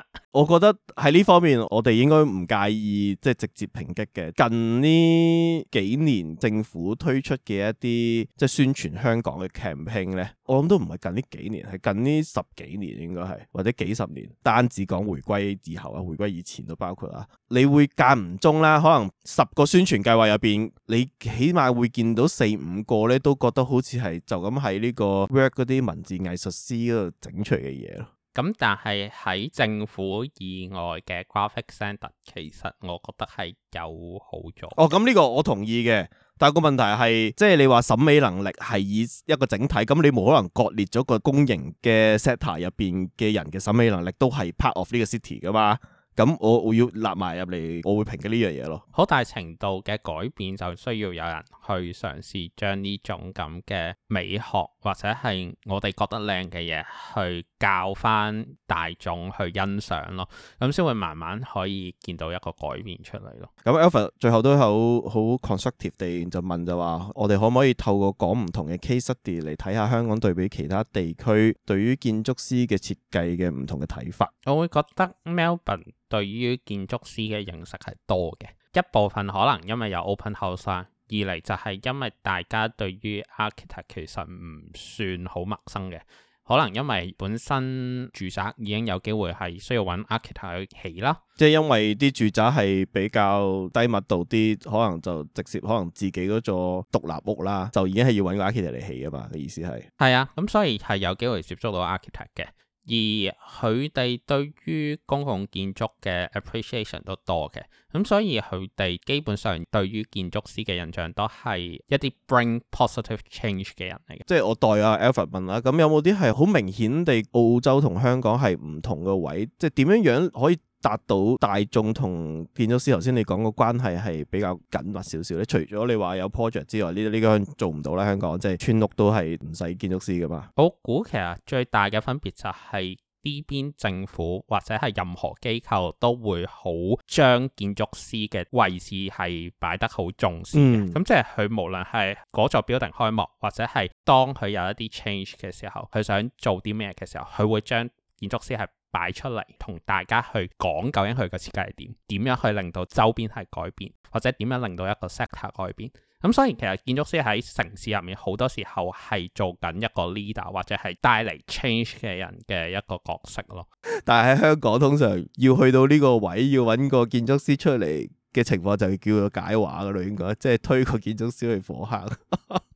我覺得喺呢方面，我哋應該唔介意即係直接抨擊嘅。近呢幾年政府推出嘅一啲即係宣傳香港嘅 campaign 咧，我諗都唔係近呢幾年，係近呢十幾年應該係或者幾十年。單止講回歸以後啊，回歸以前都包括啦。你會間唔中啦，可能十個宣傳計劃入邊，你起碼會見到四五個咧，都覺得好似係就咁喺呢個 work 嗰啲文字藝術師嗰度整出嚟嘅嘢咯。咁但係喺政府以外嘅 graphic center 其實我覺得係有好咗。哦，咁呢個我同意嘅。但係個問題係，即係你話審美能力係以一個整體，咁你冇可能割裂咗個公營嘅 setter 入邊嘅人嘅審美能力都係 part of 呢個 city 噶嘛？咁我我要納埋入嚟，我會評嘅呢樣嘢咯。好大程度嘅改變，就需要有人去嘗試將呢種咁嘅美學。或者係我哋覺得靚嘅嘢，去教翻大眾去欣賞咯，咁先會慢慢可以見到一個改變出嚟咯。咁 Alfred 最後都好好 constructive 地就問就話，我哋可唔可以透過講唔同嘅 case study 嚟睇下香港對比其他地區對於建築師嘅設計嘅唔同嘅睇法？我會覺得 Melbourne 對於建築師嘅認識係多嘅，一部分可能因為有 open house。二嚟就係因為大家對於 architect 其實唔算好陌生嘅，可能因為本身住宅已經有機會係需要揾 architect 去起啦。即係因為啲住宅係比較低密度啲，可能就直接可能自己嗰座獨立屋啦，就已經係要揾個 architect 嚟起㗎嘛。嘅意思係係啊，咁、嗯、所以係有機會接觸到 architect 嘅。而佢哋對於公共建築嘅 appreciation 都多嘅，咁所以佢哋基本上對於建築師嘅印象都係一啲 bring positive change 嘅人嚟嘅。即係我代阿 Alfred 問啦，咁有冇啲係好明顯地澳洲同香港係唔同嘅位，即係點樣樣可以？達到大眾同建築師，頭先你講個關係係比較緊密少少咧，除咗你話有 project 之外，呢、呢、呢、個做唔到啦。香港即係村屋都係唔使建築師噶嘛。我估其實最大嘅分別就係呢邊政府或者係任何機構都會好將建築師嘅位置係擺得好重視嘅。咁、嗯、即係佢無論係嗰座 building 開幕，或者係當佢有一啲 change 嘅時候，佢想做啲咩嘅時候，佢會將建築師係。擺出嚟同大家去講究竟佢個設計係點，點樣去令到周邊係改變，或者點樣令到一個 sector 改變。咁所以其實建築師喺城市入面好多時候係做緊一個 leader 或者係帶嚟 change 嘅人嘅一個角色咯。但係喺香港通常要去到呢個位要揾個建築師出嚟嘅情況就要叫做解畫噶啦，應該即係推個建築師去火坑。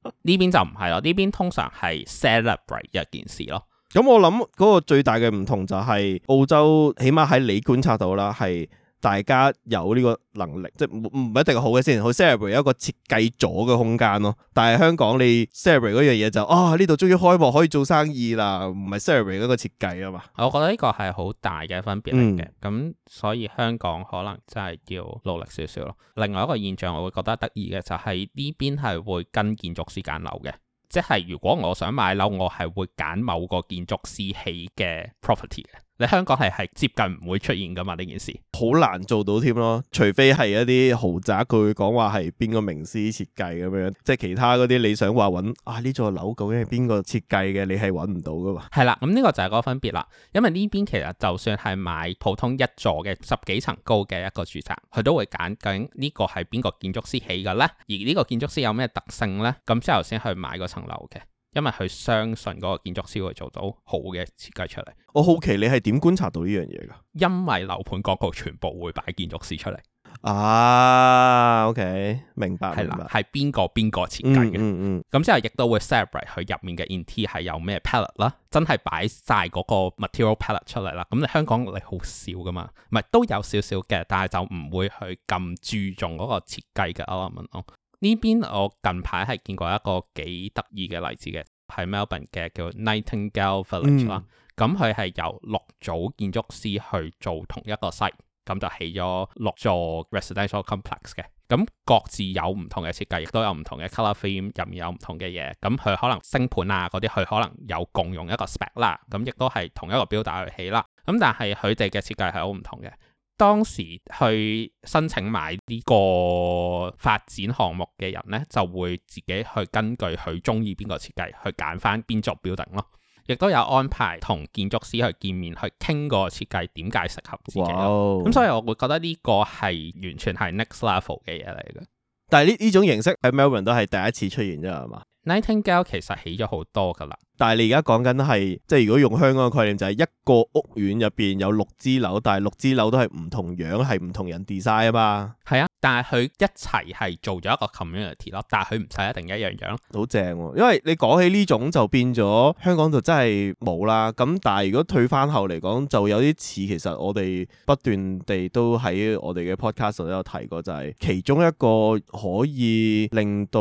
呢 邊就唔係咯，呢邊通常係 celebrate 一件事咯。咁我諗嗰個最大嘅唔同就係澳洲，起碼喺你觀察到啦，係大家有呢個能力，即係唔唔一定好嘅先好 celebrate 一個設計咗嘅空間咯。但係香港你 celebrate 嗰樣嘢就是，啊呢度終於開幕可以做生意啦，唔係 celebrate 一個設計啊嘛。我覺得呢個係好大嘅分別嚟嘅，咁、嗯、所以香港可能真係要努力少少咯。另外一個現象我會覺得得意嘅就係呢邊係會跟建築師揀樓嘅。即係，如果我想買樓，我係會揀某個建築師起嘅 property 嘅。你香港係係接近唔會出現噶嘛？呢件事好難做到添咯，除非係一啲豪宅，佢會講話係邊個名師設計咁樣，即係其他嗰啲你想話揾啊呢座樓究竟係邊個設計嘅？你係揾唔到噶嘛？係啦，咁、嗯、呢、這個就係個分別啦。因為呢邊其實就算係買普通一座嘅十幾層高嘅一個住宅，佢都會揀究竟呢個係邊個建築師起嘅咧，而呢個建築師有咩特性呢？咁之後先去買嗰層樓嘅。因為佢相信嗰個建築師會做到好嘅設計出嚟。我、哦、好奇你係點觀察到呢樣嘢㗎？因為樓盤廣告全部會擺建築師出嚟。啊，OK，明白。係啦的，係邊白個邊個設計嘅？咁之、嗯嗯嗯、後亦都會 celebrate 佢入面嘅 interior 係有咩 palette 啦，真係擺晒嗰個 material palette 出嚟啦。咁你香港你好少㗎嘛？唔係都有少少嘅，但係就唔會去咁注重嗰個設計嘅 element 咯。呢邊我近排係見過一個幾得意嘅例子嘅，係 Melbourne 嘅叫 Nightingale Village 啦、嗯。咁佢係由六組建築師去做同一個 site，咁就起咗六座 residential complex 嘅。咁各自有唔同嘅設計，亦都有唔同嘅 color frame 入面有唔同嘅嘢。咁佢可能升盤啊嗰啲，佢可能有共用一個 spec 啦。咁亦都係同一個標底去起啦。咁但係佢哋嘅設計係好唔同嘅。當時去申請買呢個發展項目嘅人呢，就會自己去根據佢中意邊個設計，去揀翻邊座 building 咯。亦都有安排同建築師去見面，去傾個設計點解適合自己。咁、哦、所以我會覺得呢個係完全係 next level 嘅嘢嚟嘅。但係呢呢種形式喺 Melbourne 都係第一次出現啫，係嘛？Nightingale 其實起咗好多㗎啦。但係你而家講緊係即係如果用香港嘅概念，就係一個屋苑入邊有六支樓，但係六支樓都係唔同樣，係唔同人 design 啊嘛。係啊，但係佢一齊係做咗一個 community 咯，但係佢唔使一定一樣樣。好正喎，因為你講起呢種就變咗香港就真係冇啦。咁但係如果退翻後嚟講，就有啲似其實我哋不斷地都喺我哋嘅 podcast 都有提過，就係其中一個可以令到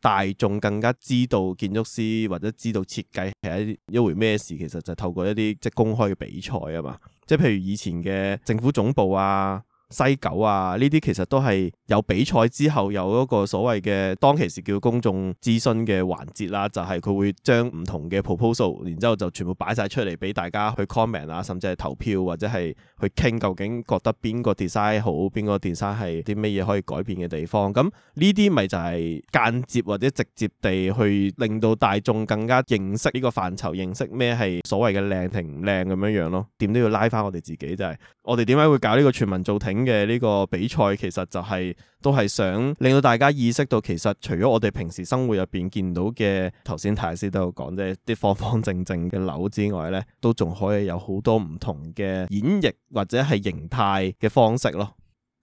大眾更加知道建築師或者知道設計係一回咩事？其實就透過一啲即係公開嘅比賽啊嘛，即係譬如以前嘅政府總部啊。西九啊，呢啲其實都係有比賽之後有一個所謂嘅當其時叫公眾諮詢嘅環節啦，就係、是、佢會將唔同嘅 proposal，然之後就全部擺晒出嚟俾大家去 comment 啊，甚至係投票或者係去傾，究竟覺得邊個 design 好，邊個 design 係啲咩嘢可以改變嘅地方。咁呢啲咪就係間接或者直接地去令到大眾更加認識呢個範疇，認識咩係所謂嘅靚同唔靚咁樣樣咯。點都要拉翻我哋自己，就是，就係我哋點解會搞呢個全民造挺嘅呢個比賽其實就係都係想令到大家意識到，其實除咗我哋平時生活入邊見到嘅頭先泰斯都有講即係，啲方方正正嘅樓之外呢都仲可以有好多唔同嘅演繹或者係形態嘅方式咯。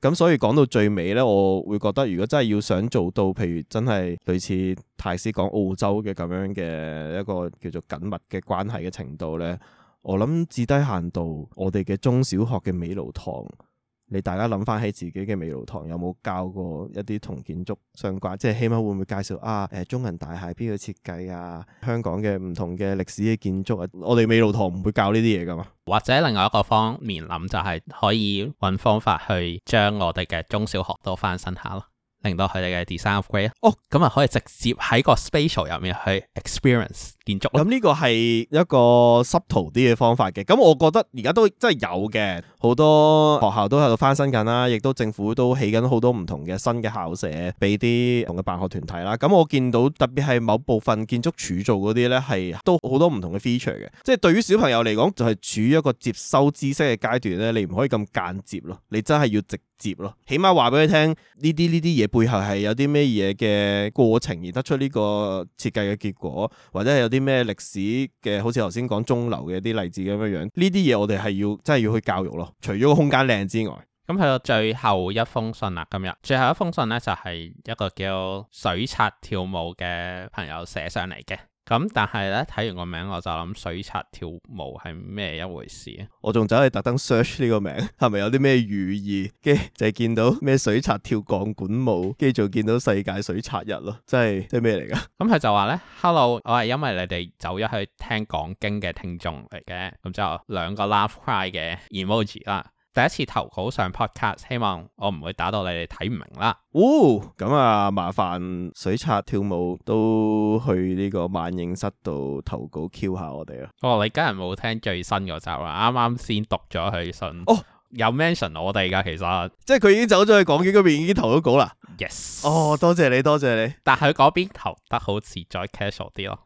咁所以講到最尾呢，我會覺得如果真係要想做到，譬如真係類似泰斯講澳洲嘅咁樣嘅一個叫做緊密嘅關係嘅程度呢，我諗至低限度，我哋嘅中小學嘅美勞堂。你大家諗翻起自己嘅美勞堂有冇教過一啲同建築相關？即係起碼會唔會介紹啊？誒，中銀大廈邊個設計啊？香港嘅唔同嘅歷史嘅建築啊？我哋美勞堂唔會教呢啲嘢㗎嘛？或者另外一個方面諗就係可以揾方法去將我哋嘅中小學都翻新下囉。令到佢哋嘅 design upgrade 哦，咁啊可以直接喺個 spatial 入面去 experience 建築。咁呢個係一個 subtle 啲嘅方法嘅。咁我覺得而家都真係有嘅，好多學校都喺度翻新緊啦，亦都政府都起緊好多唔同嘅新嘅校舍俾啲唔同嘅辦學團體啦。咁我見到特別係某部分建築署做嗰啲咧，係都好多唔同嘅 feature 嘅。即係對於小朋友嚟講就係、是、處於一個接收知識嘅階段咧，你唔可以咁間接咯，你真係要直。接咯，起碼話俾你聽呢啲呢啲嘢背後係有啲咩嘢嘅過程而得出呢個設計嘅結果，或者係有啲咩歷史嘅，好似頭先講中流嘅啲例子咁樣樣。呢啲嘢我哋係要真係要去教育咯。除咗個空間靚之外，咁去到最後一封信啊，今日最後一封信咧就係一個叫水獺跳舞嘅朋友寫上嚟嘅。咁但係咧睇完個名我就諗水獺跳舞係咩一回事啊？我仲走去特登 search 呢個名，係咪有啲咩寓意？跟住就見到咩水獺跳鋼管舞，跟住就見到世界水獺日咯，真係即係咩嚟㗎？咁佢、嗯、就話咧 ，Hello，我係因為你哋走咗去聽講經嘅聽眾嚟嘅，咁就兩個 love cry 嘅 emoji 啦。第一次投稿上 podcast，希望我唔會打到你哋睇唔明啦。嗚、哦，咁啊麻煩水刷跳舞都去呢個放映室度投稿 Q 下我哋啊。哦，你今日冇聽最新嗰集啊，啱啱先讀咗佢信。哦。有 mention 我哋噶，其實即係佢已經走咗去港遠嗰邊，已經投咗稿啦。Yes，哦，多謝你，多謝你。但係佢嗰邊投得好似再 casual 啲咯，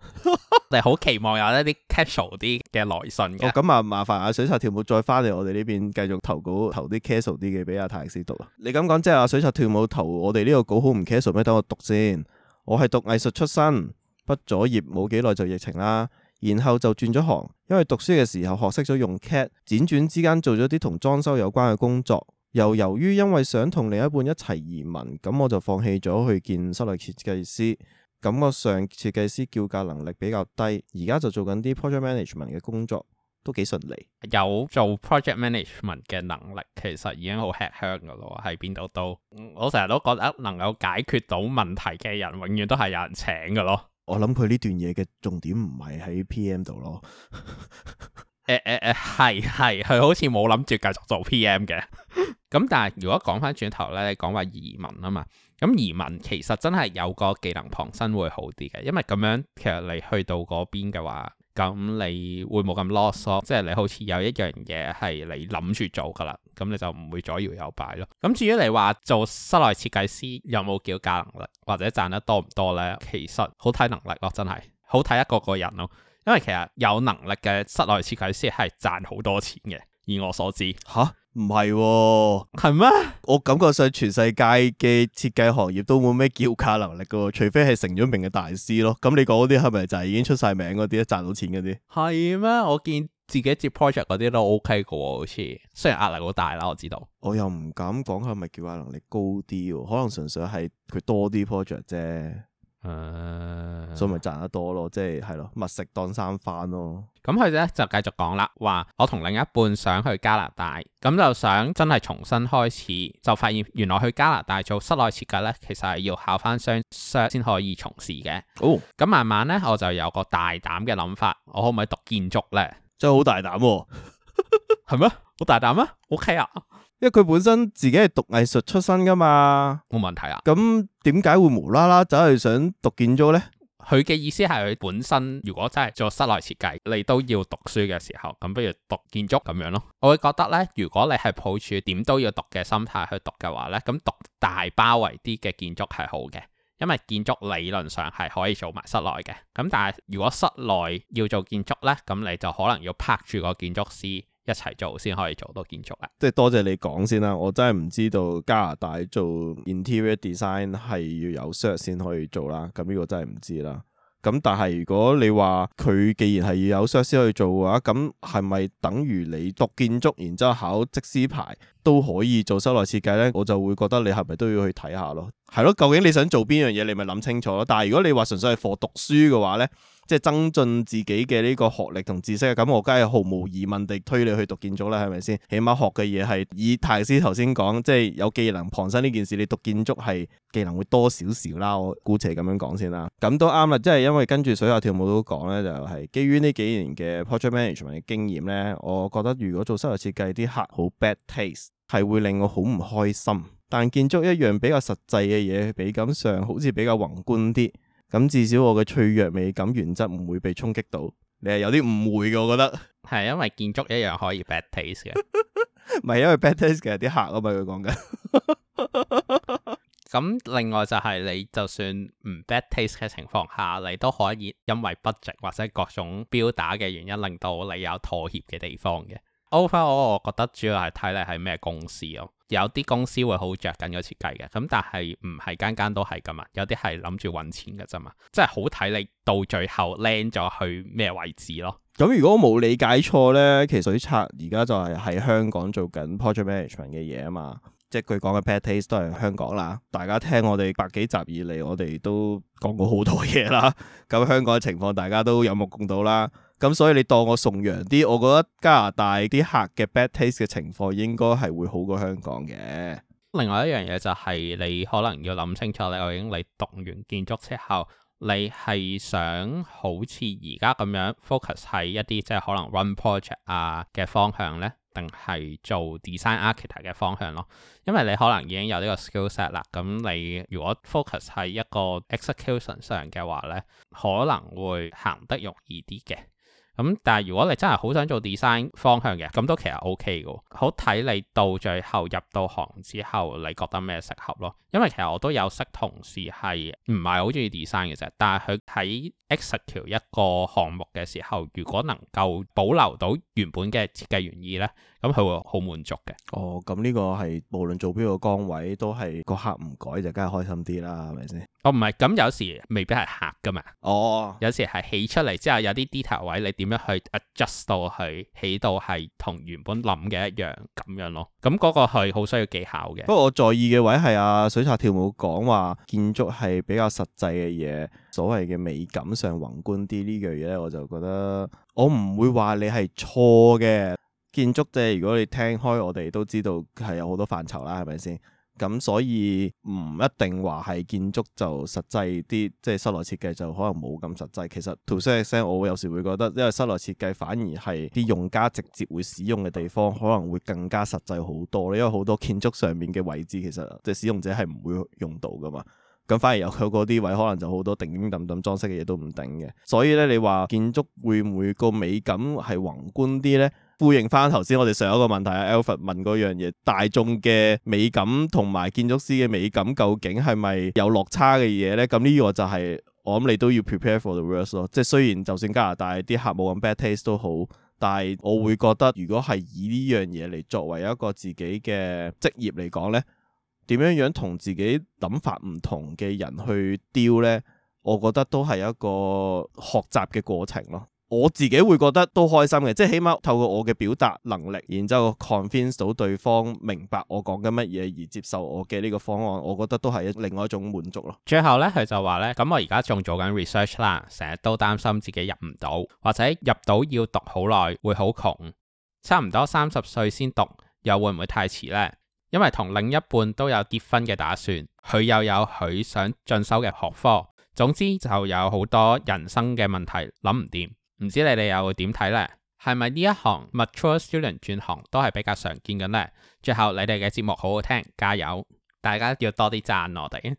你 好期望有一啲 casual 啲嘅來信哦，咁、oh, 嗯、啊麻煩阿水刷跳舞再翻嚟我哋呢邊繼續投稿，投啲 casual 啲嘅俾阿泰斯讀啊。你咁講即係阿水刷跳舞投我哋呢個稿好唔 casual 咩？等我讀先，我係讀藝術出身，畢咗業冇幾耐就疫情啦。然後就轉咗行，因為讀書嘅時候學識咗用 CAD，輾轉之間做咗啲同裝修有關嘅工作。又由於因為想同另一半一齊移民，咁我就放棄咗去見室內設計師，感覺上設計師叫價能力比較低。而家就做緊啲 project management 嘅工作，都幾順利。有做 project management 嘅能力，其實已經好吃香噶咯，喺邊度都。我成日都覺得能夠解決到問題嘅人，永遠都係有人請噶咯。我諗佢呢段嘢嘅重點唔係喺 P.M. 度咯 、欸，誒誒誒，係、欸、係，佢好似冇諗住繼續做 P.M. 嘅，咁但係如果講翻轉頭咧，你講話移民啊嘛，咁移民其實真係有個技能傍身會好啲嘅，因為咁樣其實你去到嗰邊嘅話。咁你會冇咁囉嗦，即係你好似有一樣嘢係你諗住做噶啦，咁你就唔會左搖右擺咯。咁至於你話做室內設計師有冇叫價能力或者賺得多唔多呢？其實好睇能力咯，真係好睇一個個人咯。因為其實有能力嘅室內設計師係賺好多錢嘅，以我所知吓。唔係喎，係咩？我感覺上全世界嘅設計行業都冇咩叫價能力噶，除非係成咗名嘅大師咯。咁你講嗰啲係咪就係已經出晒名嗰啲，賺到錢嗰啲？係咩？我見自己接 project 嗰啲都 OK 噶，好似雖然壓力好大啦，我知道。我又唔敢講佢係咪叫價能力高啲喎，可能純粹係佢多啲 project 啫。誒，uh, 所以咪賺得多咯，即係係咯，密食當三番咯。咁佢咧就繼續講啦，話我同另一半想去加拿大，咁就想真係重新開始，就發現原來去加拿大做室內設計呢，其實係要考翻商商先可以從事嘅。哦，咁慢慢呢，我就有個大膽嘅諗法，我可唔可以讀建築呢？真係好大膽喎，係咩？好大膽啊？O K 啊？ 因為佢本身自己係讀藝術出身噶嘛，冇問題啊。咁點解會無啦啦走去想讀建築呢？佢嘅意思係佢本身如果真係做室內設計，你都要讀書嘅時候，咁不如讀建築咁樣咯。我會覺得呢，如果你係抱住點都要讀嘅心態去讀嘅話呢，咁讀大包圍啲嘅建築係好嘅，因為建築理論上係可以做埋室內嘅。咁但係如果室內要做建築呢，咁你就可能要拍住個建築師。一齊做先可以做到建築啊！即係多謝你講先啦，我真係唔知道加拿大做 interior design 係要有 cert 先可以做啦。咁呢個真係唔知啦。咁但係如果你話佢既然係要有 cert 先可以做嘅話，咁係咪等於你讀建築，然之後考則師牌都可以做室內設計呢，我就會覺得你係咪都要去睇下咯。係咯，究竟你想做邊樣嘢，你咪諗清楚咯。但係如果你話純粹係課讀書嘅話呢。即係增進自己嘅呢個學歷同知識，咁我梗係毫無疑問地推你去讀建築啦，係咪先？起碼學嘅嘢係以泰師頭先講，即係有技能傍身呢件事，你讀建築係技能會多少少啦，我姑且咁樣講先啦。咁都啱啦，即係因為跟住所有跳舞都講咧，就係基於呢幾年嘅 project management 嘅經驗咧，我覺得如果做室內設計啲客好 bad taste，係會令我好唔開心。但建築一樣比較實際嘅嘢，比較上好似比較宏觀啲。咁至少我嘅脆弱美感原則唔會被衝擊到，你係有啲誤會嘅，我覺得。係因為建築一樣可以 bad taste 嘅，唔係 因為 bad taste 嘅啲客啊嘛，佢講緊。咁另外就係你就算唔 bad taste 嘅情況下，你都可以因為 budget 或者各種標打嘅原因，令到你有妥協嘅地方嘅 offer。Overall, 我覺得主要係睇你係咩公司咯。有啲公司會好着緊個設計嘅，咁但係唔係間間都係噶嘛，有啲係諗住揾錢嘅啫嘛，即係好睇你到最後 land 咗去咩位置咯。咁、嗯、如果我冇理解錯咧，其實水拆而家就係喺香港做緊 project management 嘅嘢啊嘛，即係佢講嘅 bad taste 都係香港啦。大家聽我哋百幾集以嚟，我哋都講過好多嘢啦。咁、嗯 嗯、香港嘅情況大家都有目共睹啦。咁所以你當我崇洋啲，我覺得加拿大啲客嘅 bad taste 嘅情況應該係會好過香港嘅。另外一樣嘢就係你可能要諗清楚你，你已經你讀完建築之後，你係想好似而家咁樣 focus 喺一啲即係可能 run project 啊嘅方向呢，定係做 design architect 嘅方向咯？因為你可能已經有呢個 skill set 啦。咁你如果 focus 喺一個 execution 上嘅話呢，可能會行得容易啲嘅。咁但係如果你真係好想做 design 方向嘅，咁都其實 OK 噶，好睇你到最後入到行之後，你覺得咩適合咯？因為其實我都有識同事係唔係好中意 design 嘅啫，但係佢喺 X 石一個項目嘅時候，如果能夠保留到原本嘅設計原意呢，咁佢會好滿足嘅。哦，咁呢個係無論做邊個崗位都係個客唔改就梗係開心啲啦，係咪先？哦，唔係咁，有時未必係嚇㗎嘛。哦，有時係起出嚟之後，有啲 detail 位，你點樣去 adjust 到佢起到係同原本諗嘅一樣咁樣咯。咁嗰個係好需要技巧嘅。哦、不過我在意嘅位係啊，水刷跳舞講話建築係比較實際嘅嘢，所謂嘅美感上宏觀啲呢樣嘢咧，我就覺得我唔會話你係錯嘅。建築，即係如果你聽開我哋都知道係有好多範疇啦，係咪先？咁所以唔一定話係建築就實際啲，即係室內設計就可能冇咁實際。其實圖聲嘅聲，我有時會覺得，因為室內設計反而係啲用家直接會使用嘅地方，可能會更加實際好多。因為好多建築上面嘅位置，其實即係使用者係唔會用到噶嘛。咁反而有佢嗰啲位，可能就好多叮叮噹噹裝飾嘅嘢都唔定嘅。所以咧，你話建築會唔會個美感係宏觀啲咧？呼應翻頭先我哋上一個問題，Alfred 問過一樣嘢，大眾嘅美感同埋建築師嘅美感究竟係咪有落差嘅嘢咧？咁呢個就係、是、我諗你都要 prepare for the worst 咯。即係雖然就算加拿大啲客冇咁 bad taste 都好，但係我會覺得如果係以呢樣嘢嚟作為一個自己嘅職業嚟講咧，點樣樣同自己諗法唔同嘅人去 deal 咧，我覺得都係一個學習嘅過程咯。我自己會覺得都開心嘅，即係起碼透過我嘅表達能力，然之後 confess 到對方明白我講緊乜嘢而接受我嘅呢個方案，我覺得都係另外一種滿足咯。最後呢，佢就話呢，咁我而家仲做緊 research 啦，成日都擔心自己入唔到或者入到要讀好耐會好窮，差唔多三十歲先讀又會唔會太遲呢？因為同另一半都有結婚嘅打算，佢又有佢想進修嘅學科，總之就有好多人生嘅問題諗唔掂。唔知你哋又會點睇呢？係咪呢一行 mature student 轉行都係比較常見嘅呢？最後你哋嘅節目好好聽，加油！大家一定要多啲讚我哋。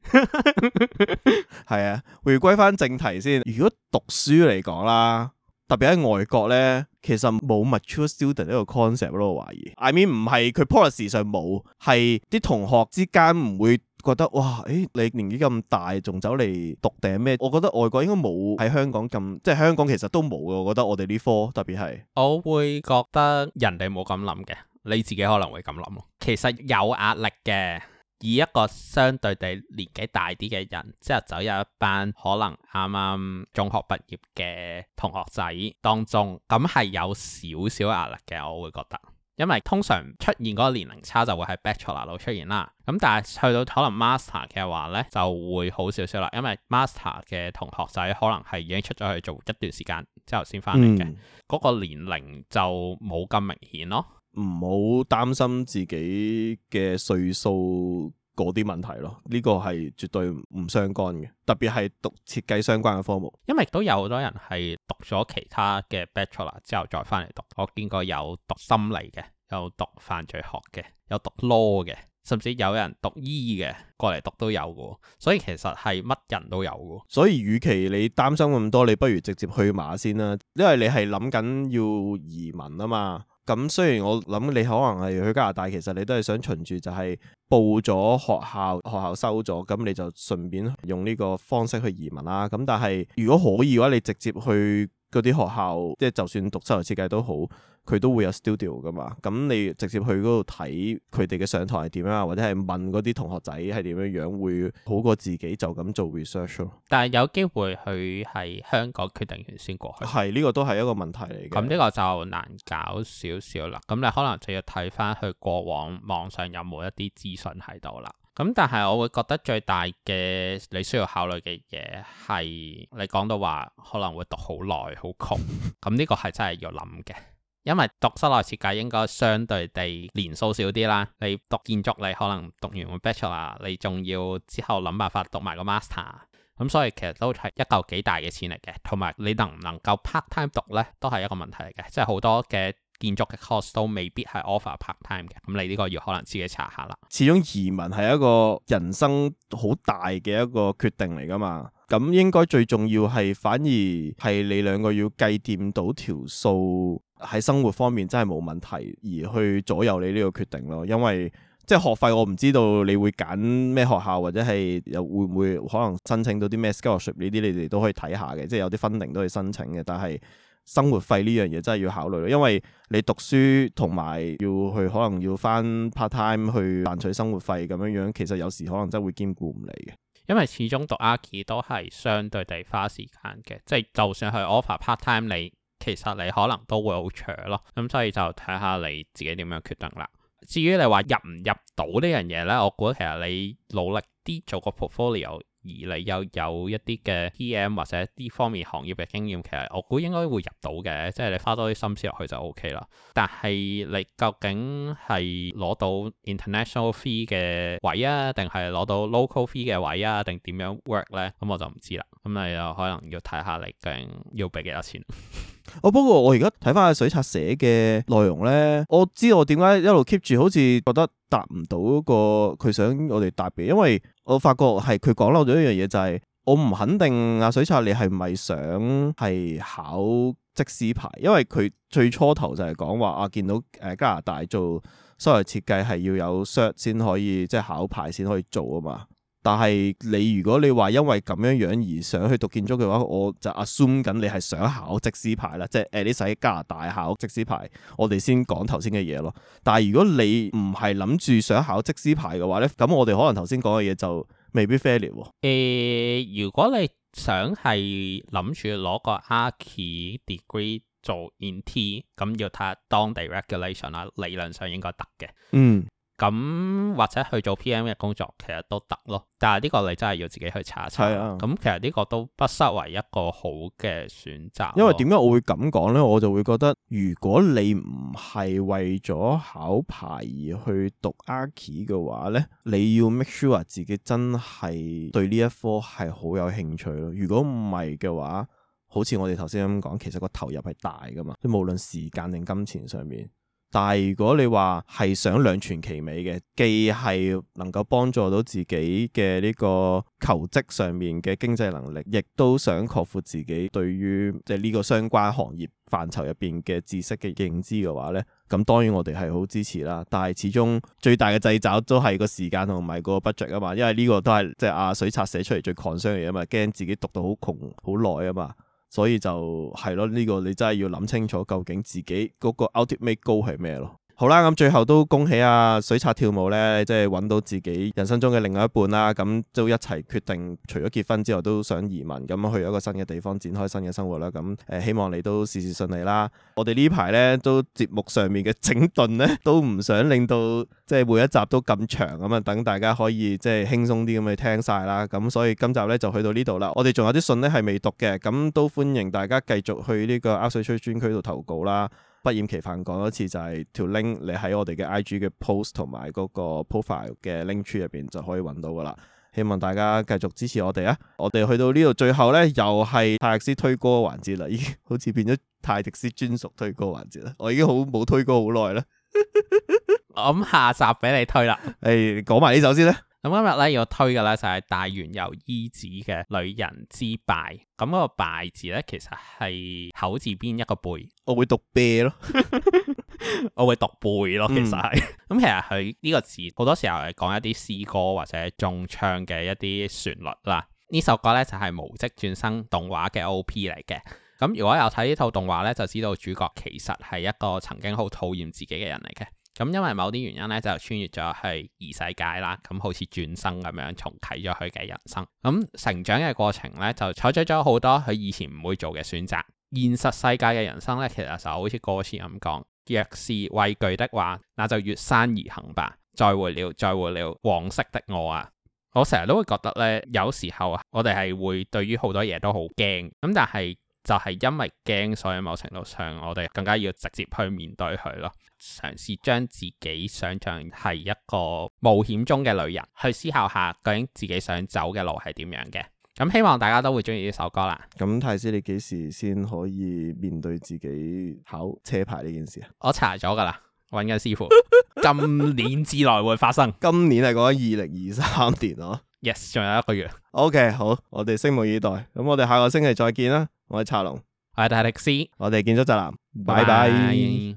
係 啊，回歸翻正題先。如果讀書嚟講啦，特別喺外國呢，其實冇 mature student 呢個 concept 咯。我懷疑，I mean 唔係佢 policy 上冇，係啲同學之間唔會。覺得哇，誒你年紀咁大，仲走嚟讀定咩？我覺得外國應該冇喺香港咁，即係香港其實都冇嘅。我覺得我哋呢科特別係，我會覺得人哋冇咁諗嘅，你自己可能會咁諗。其實有壓力嘅，以一個相對地年紀大啲嘅人，即係走入一班可能啱啱中學畢業嘅同學仔當中，咁係有少少壓力嘅。我會覺得。因為通常出現嗰個年齡差就會喺 Bachelor 度出現啦，咁但係去到可能 Master 嘅話呢，就會好少少啦，因為 Master 嘅同學仔可能係已經出咗去做一段時間之後先翻嚟嘅，嗰、嗯、個年齡就冇咁明顯咯。唔好擔心自己嘅歲數。嗰啲問題咯，呢個係絕對唔相干嘅，特別係讀設計相關嘅科目。因為都有好多人係讀咗其他嘅 bachelor 之後再翻嚟讀。我見過有讀心理嘅，有讀犯罪學嘅，有讀 law 嘅，甚至有人讀醫嘅過嚟讀都有嘅。所以其實係乜人都有嘅。所以，與其你擔心咁多，你不如直接去馬先啦，因為你係諗緊要移民啊嘛。咁雖然我諗你可能係去加拿大，其實你都係想循住就係報咗學校，學校收咗，咁你就順便用呢個方式去移民啦。咁但係如果可以嘅話，你直接去嗰啲學校，即係就算讀室內設計都好。佢都會有 studio 噶嘛？咁你直接去嗰度睇佢哋嘅上堂係點樣啊？或者係問嗰啲同學仔係點樣樣會好過自己就咁做 research 咯。但係有機會佢係香港決定完先過去，係呢、這個都係一個問題嚟嘅。咁呢、嗯這個就難搞少少啦。咁、嗯、你可能就要睇翻佢過往網上有冇一啲資訊喺度啦。咁、嗯、但係我會覺得最大嘅你需要考慮嘅嘢係你講到話可能會讀好耐好窮，咁呢、 嗯這個係真係要諗嘅。因為讀室內設計應該相對地年數少啲啦，你讀建築你可能讀完個 bachelor，你仲要之後諗辦法讀埋個 master，咁所以其實都係一嚿幾大嘅錢嚟嘅，同埋你能唔能夠 part time 讀呢？都係一個問題嚟嘅，即係好多嘅建築嘅 course 都未必係 offer part time 嘅，咁你呢個要可能自己查下啦。始終移民係一個人生好大嘅一個決定嚟噶嘛，咁應該最重要係反而係你兩個要計掂到條數。喺生活方面真係冇問題，而去左右你呢個決定咯。因為即係學費，我唔知道你會揀咩學校或者係又會唔會可能申請到啲咩 scholarship 呢啲，你哋都可以睇下嘅。即係有啲分齡都可以申請嘅。但係生活費呢樣嘢真係要考慮，因為你讀書同埋要去可能要翻 part time 去賺取生活費咁樣樣，其實有時可能真係會兼顧唔嚟嘅。因為始終讀 archi 都係相對地花時間嘅，即係就算係 offer part time 你，其實你可能都會好長咯，咁所以就睇下你自己點樣決定啦。至於你話入唔入到呢樣嘢呢，我估其實你努力啲做個 portfolio，而你又有一啲嘅 PM 或者啲方面行業嘅經驗，其實我估應該會入到嘅，即係你花多啲心思入去就 OK 啦。但係你究竟係攞到 international fee 嘅位啊，定係攞到 local fee 嘅位啊，定點樣 work 呢？咁我就唔知啦。咁你又可能要睇下你究竟要俾幾多錢。 哦，不過我而家睇翻阿水策寫嘅內容咧，我知我點解一路 keep 住好似覺得答唔到嗰個佢想我哋答，因為我發覺係佢講漏咗一樣嘢，就是，就係我唔肯定阿、啊、水策你係咪想係考則師牌，因為佢最初頭就係講話啊，見到誒加拿大做室內設計係要有 cert 先可以即係考牌先可以做啊嘛。但係你如果你話因為咁樣樣而想去讀建築嘅話，我就 assume 緊你係想考則師牌啦，即係誒你使加拿大考則師牌，我哋先講頭先嘅嘢咯。但係如果你唔係諗住想考則師牌嘅話咧，咁我哋可能頭先講嘅嘢就未必 feasible。誒，如果你想係諗住攞個 Archi degree 做 intake，咁要睇下當地 regulation 啦，理論上應該得嘅。嗯。咁或者去做 PM 嘅工作其實都得咯，但係呢個你真係要自己去查一查。係啊，咁其實呢個都不失為一個好嘅選擇。因為點解我會咁講呢？我就會覺得如果你唔係為咗考牌而去讀 archi 嘅話呢，你要 make sure 自己真係對呢一科係好有興趣咯。如果唔係嘅話，好似我哋頭先咁講，其實個投入係大噶嘛，即係無論時間定金錢上面。但係如果你話係想兩全其美嘅，既係能夠幫助到自己嘅呢個求職上面嘅經濟能力，亦都想擴闊自己對於即係呢個相關行業範疇入邊嘅知識嘅認知嘅話咧，咁當然我哋係好支持啦。但係始終最大嘅掣肘都係個時間同埋個 budget 啊嘛，因為呢個都係即係阿水策寫出嚟最抗傷嘅嘢啊嘛，驚自己讀到好窮好耐啊嘛。所以就係咯，呢個你真係要諗清楚，究竟自己嗰個 ultimate goal 係咩咯？好啦，咁最後都恭喜啊！水擦跳舞咧，即係揾到自己人生中嘅另外一半啦。咁都一齊決定，除咗結婚之外，都想移民咁去一個新嘅地方，展開新嘅生活啦。咁誒、呃，希望你都事事順利啦。我哋呢排咧都節目上面嘅整頓咧，都唔想令到即係每一集都咁長咁啊，等大家可以即係輕鬆啲咁去聽晒啦。咁所以今集咧就去到呢度啦。我哋仲有啲信咧係未讀嘅，咁都歡迎大家繼續去呢個 R 水吹專區度投稿啦。不厭其煩講多次就係條 link，你喺我哋嘅 IG 嘅 post 同埋嗰個 profile 嘅 link tree 入邊就可以揾到噶啦。希望大家繼續支持我哋啊！我哋去到呢度最後呢，又係泰迪斯推歌嘅環節啦，已經好似變咗泰迪斯專屬推歌環節啦。我已經好冇推歌好耐啦。我諗下集俾你推啦、哎。誒，講埋呢首先啦。咁、嗯、今日咧要推嘅咧就係大原游衣子嘅《旅人之唄》嗯。咁、那、嗰個唄字咧，其實係口字邊一個貝，我會讀啤咯， 我會讀背咯。其實係，咁、嗯嗯、其實佢呢個字好多時候係講一啲詩歌或者中唱嘅一啲旋律啦。呢首歌咧就係、是《無職轉生》動畫嘅 O P 嚟嘅。咁如果有睇呢套動畫咧，就知道主角其實係一個曾經好討厭自己嘅人嚟嘅。咁因為某啲原因咧，就穿越咗去異世界啦，咁好似轉生咁樣重啟咗佢嘅人生。咁成長嘅過程咧，就採取咗好多佢以前唔會做嘅選擇。現實世界嘅人生咧，其實就好似歌詞咁講，若是畏懼的話，那就越山而行吧。再會了，再會了，往昔的我啊，我成日都會覺得咧，有時候我哋係會對於好多嘢都好驚。咁但係，就係因為驚，所以某程度上我哋更加要直接去面對佢咯，嘗試將自己想象係一個冒險中嘅旅人，去思考下究竟自己想走嘅路係點樣嘅。咁希望大家都會中意呢首歌啦。咁泰斯，你幾時先可以面對自己考車牌呢件事啊？我查咗噶啦，揾緊師傅， 今年之內會發生。今年係講二零二三年咯。Yes，仲有一個月。O、okay, K，好，我哋拭目以待。咁我哋下個星期再見啦。我係茶龍， 我係大力士，我哋建築宅男，拜拜。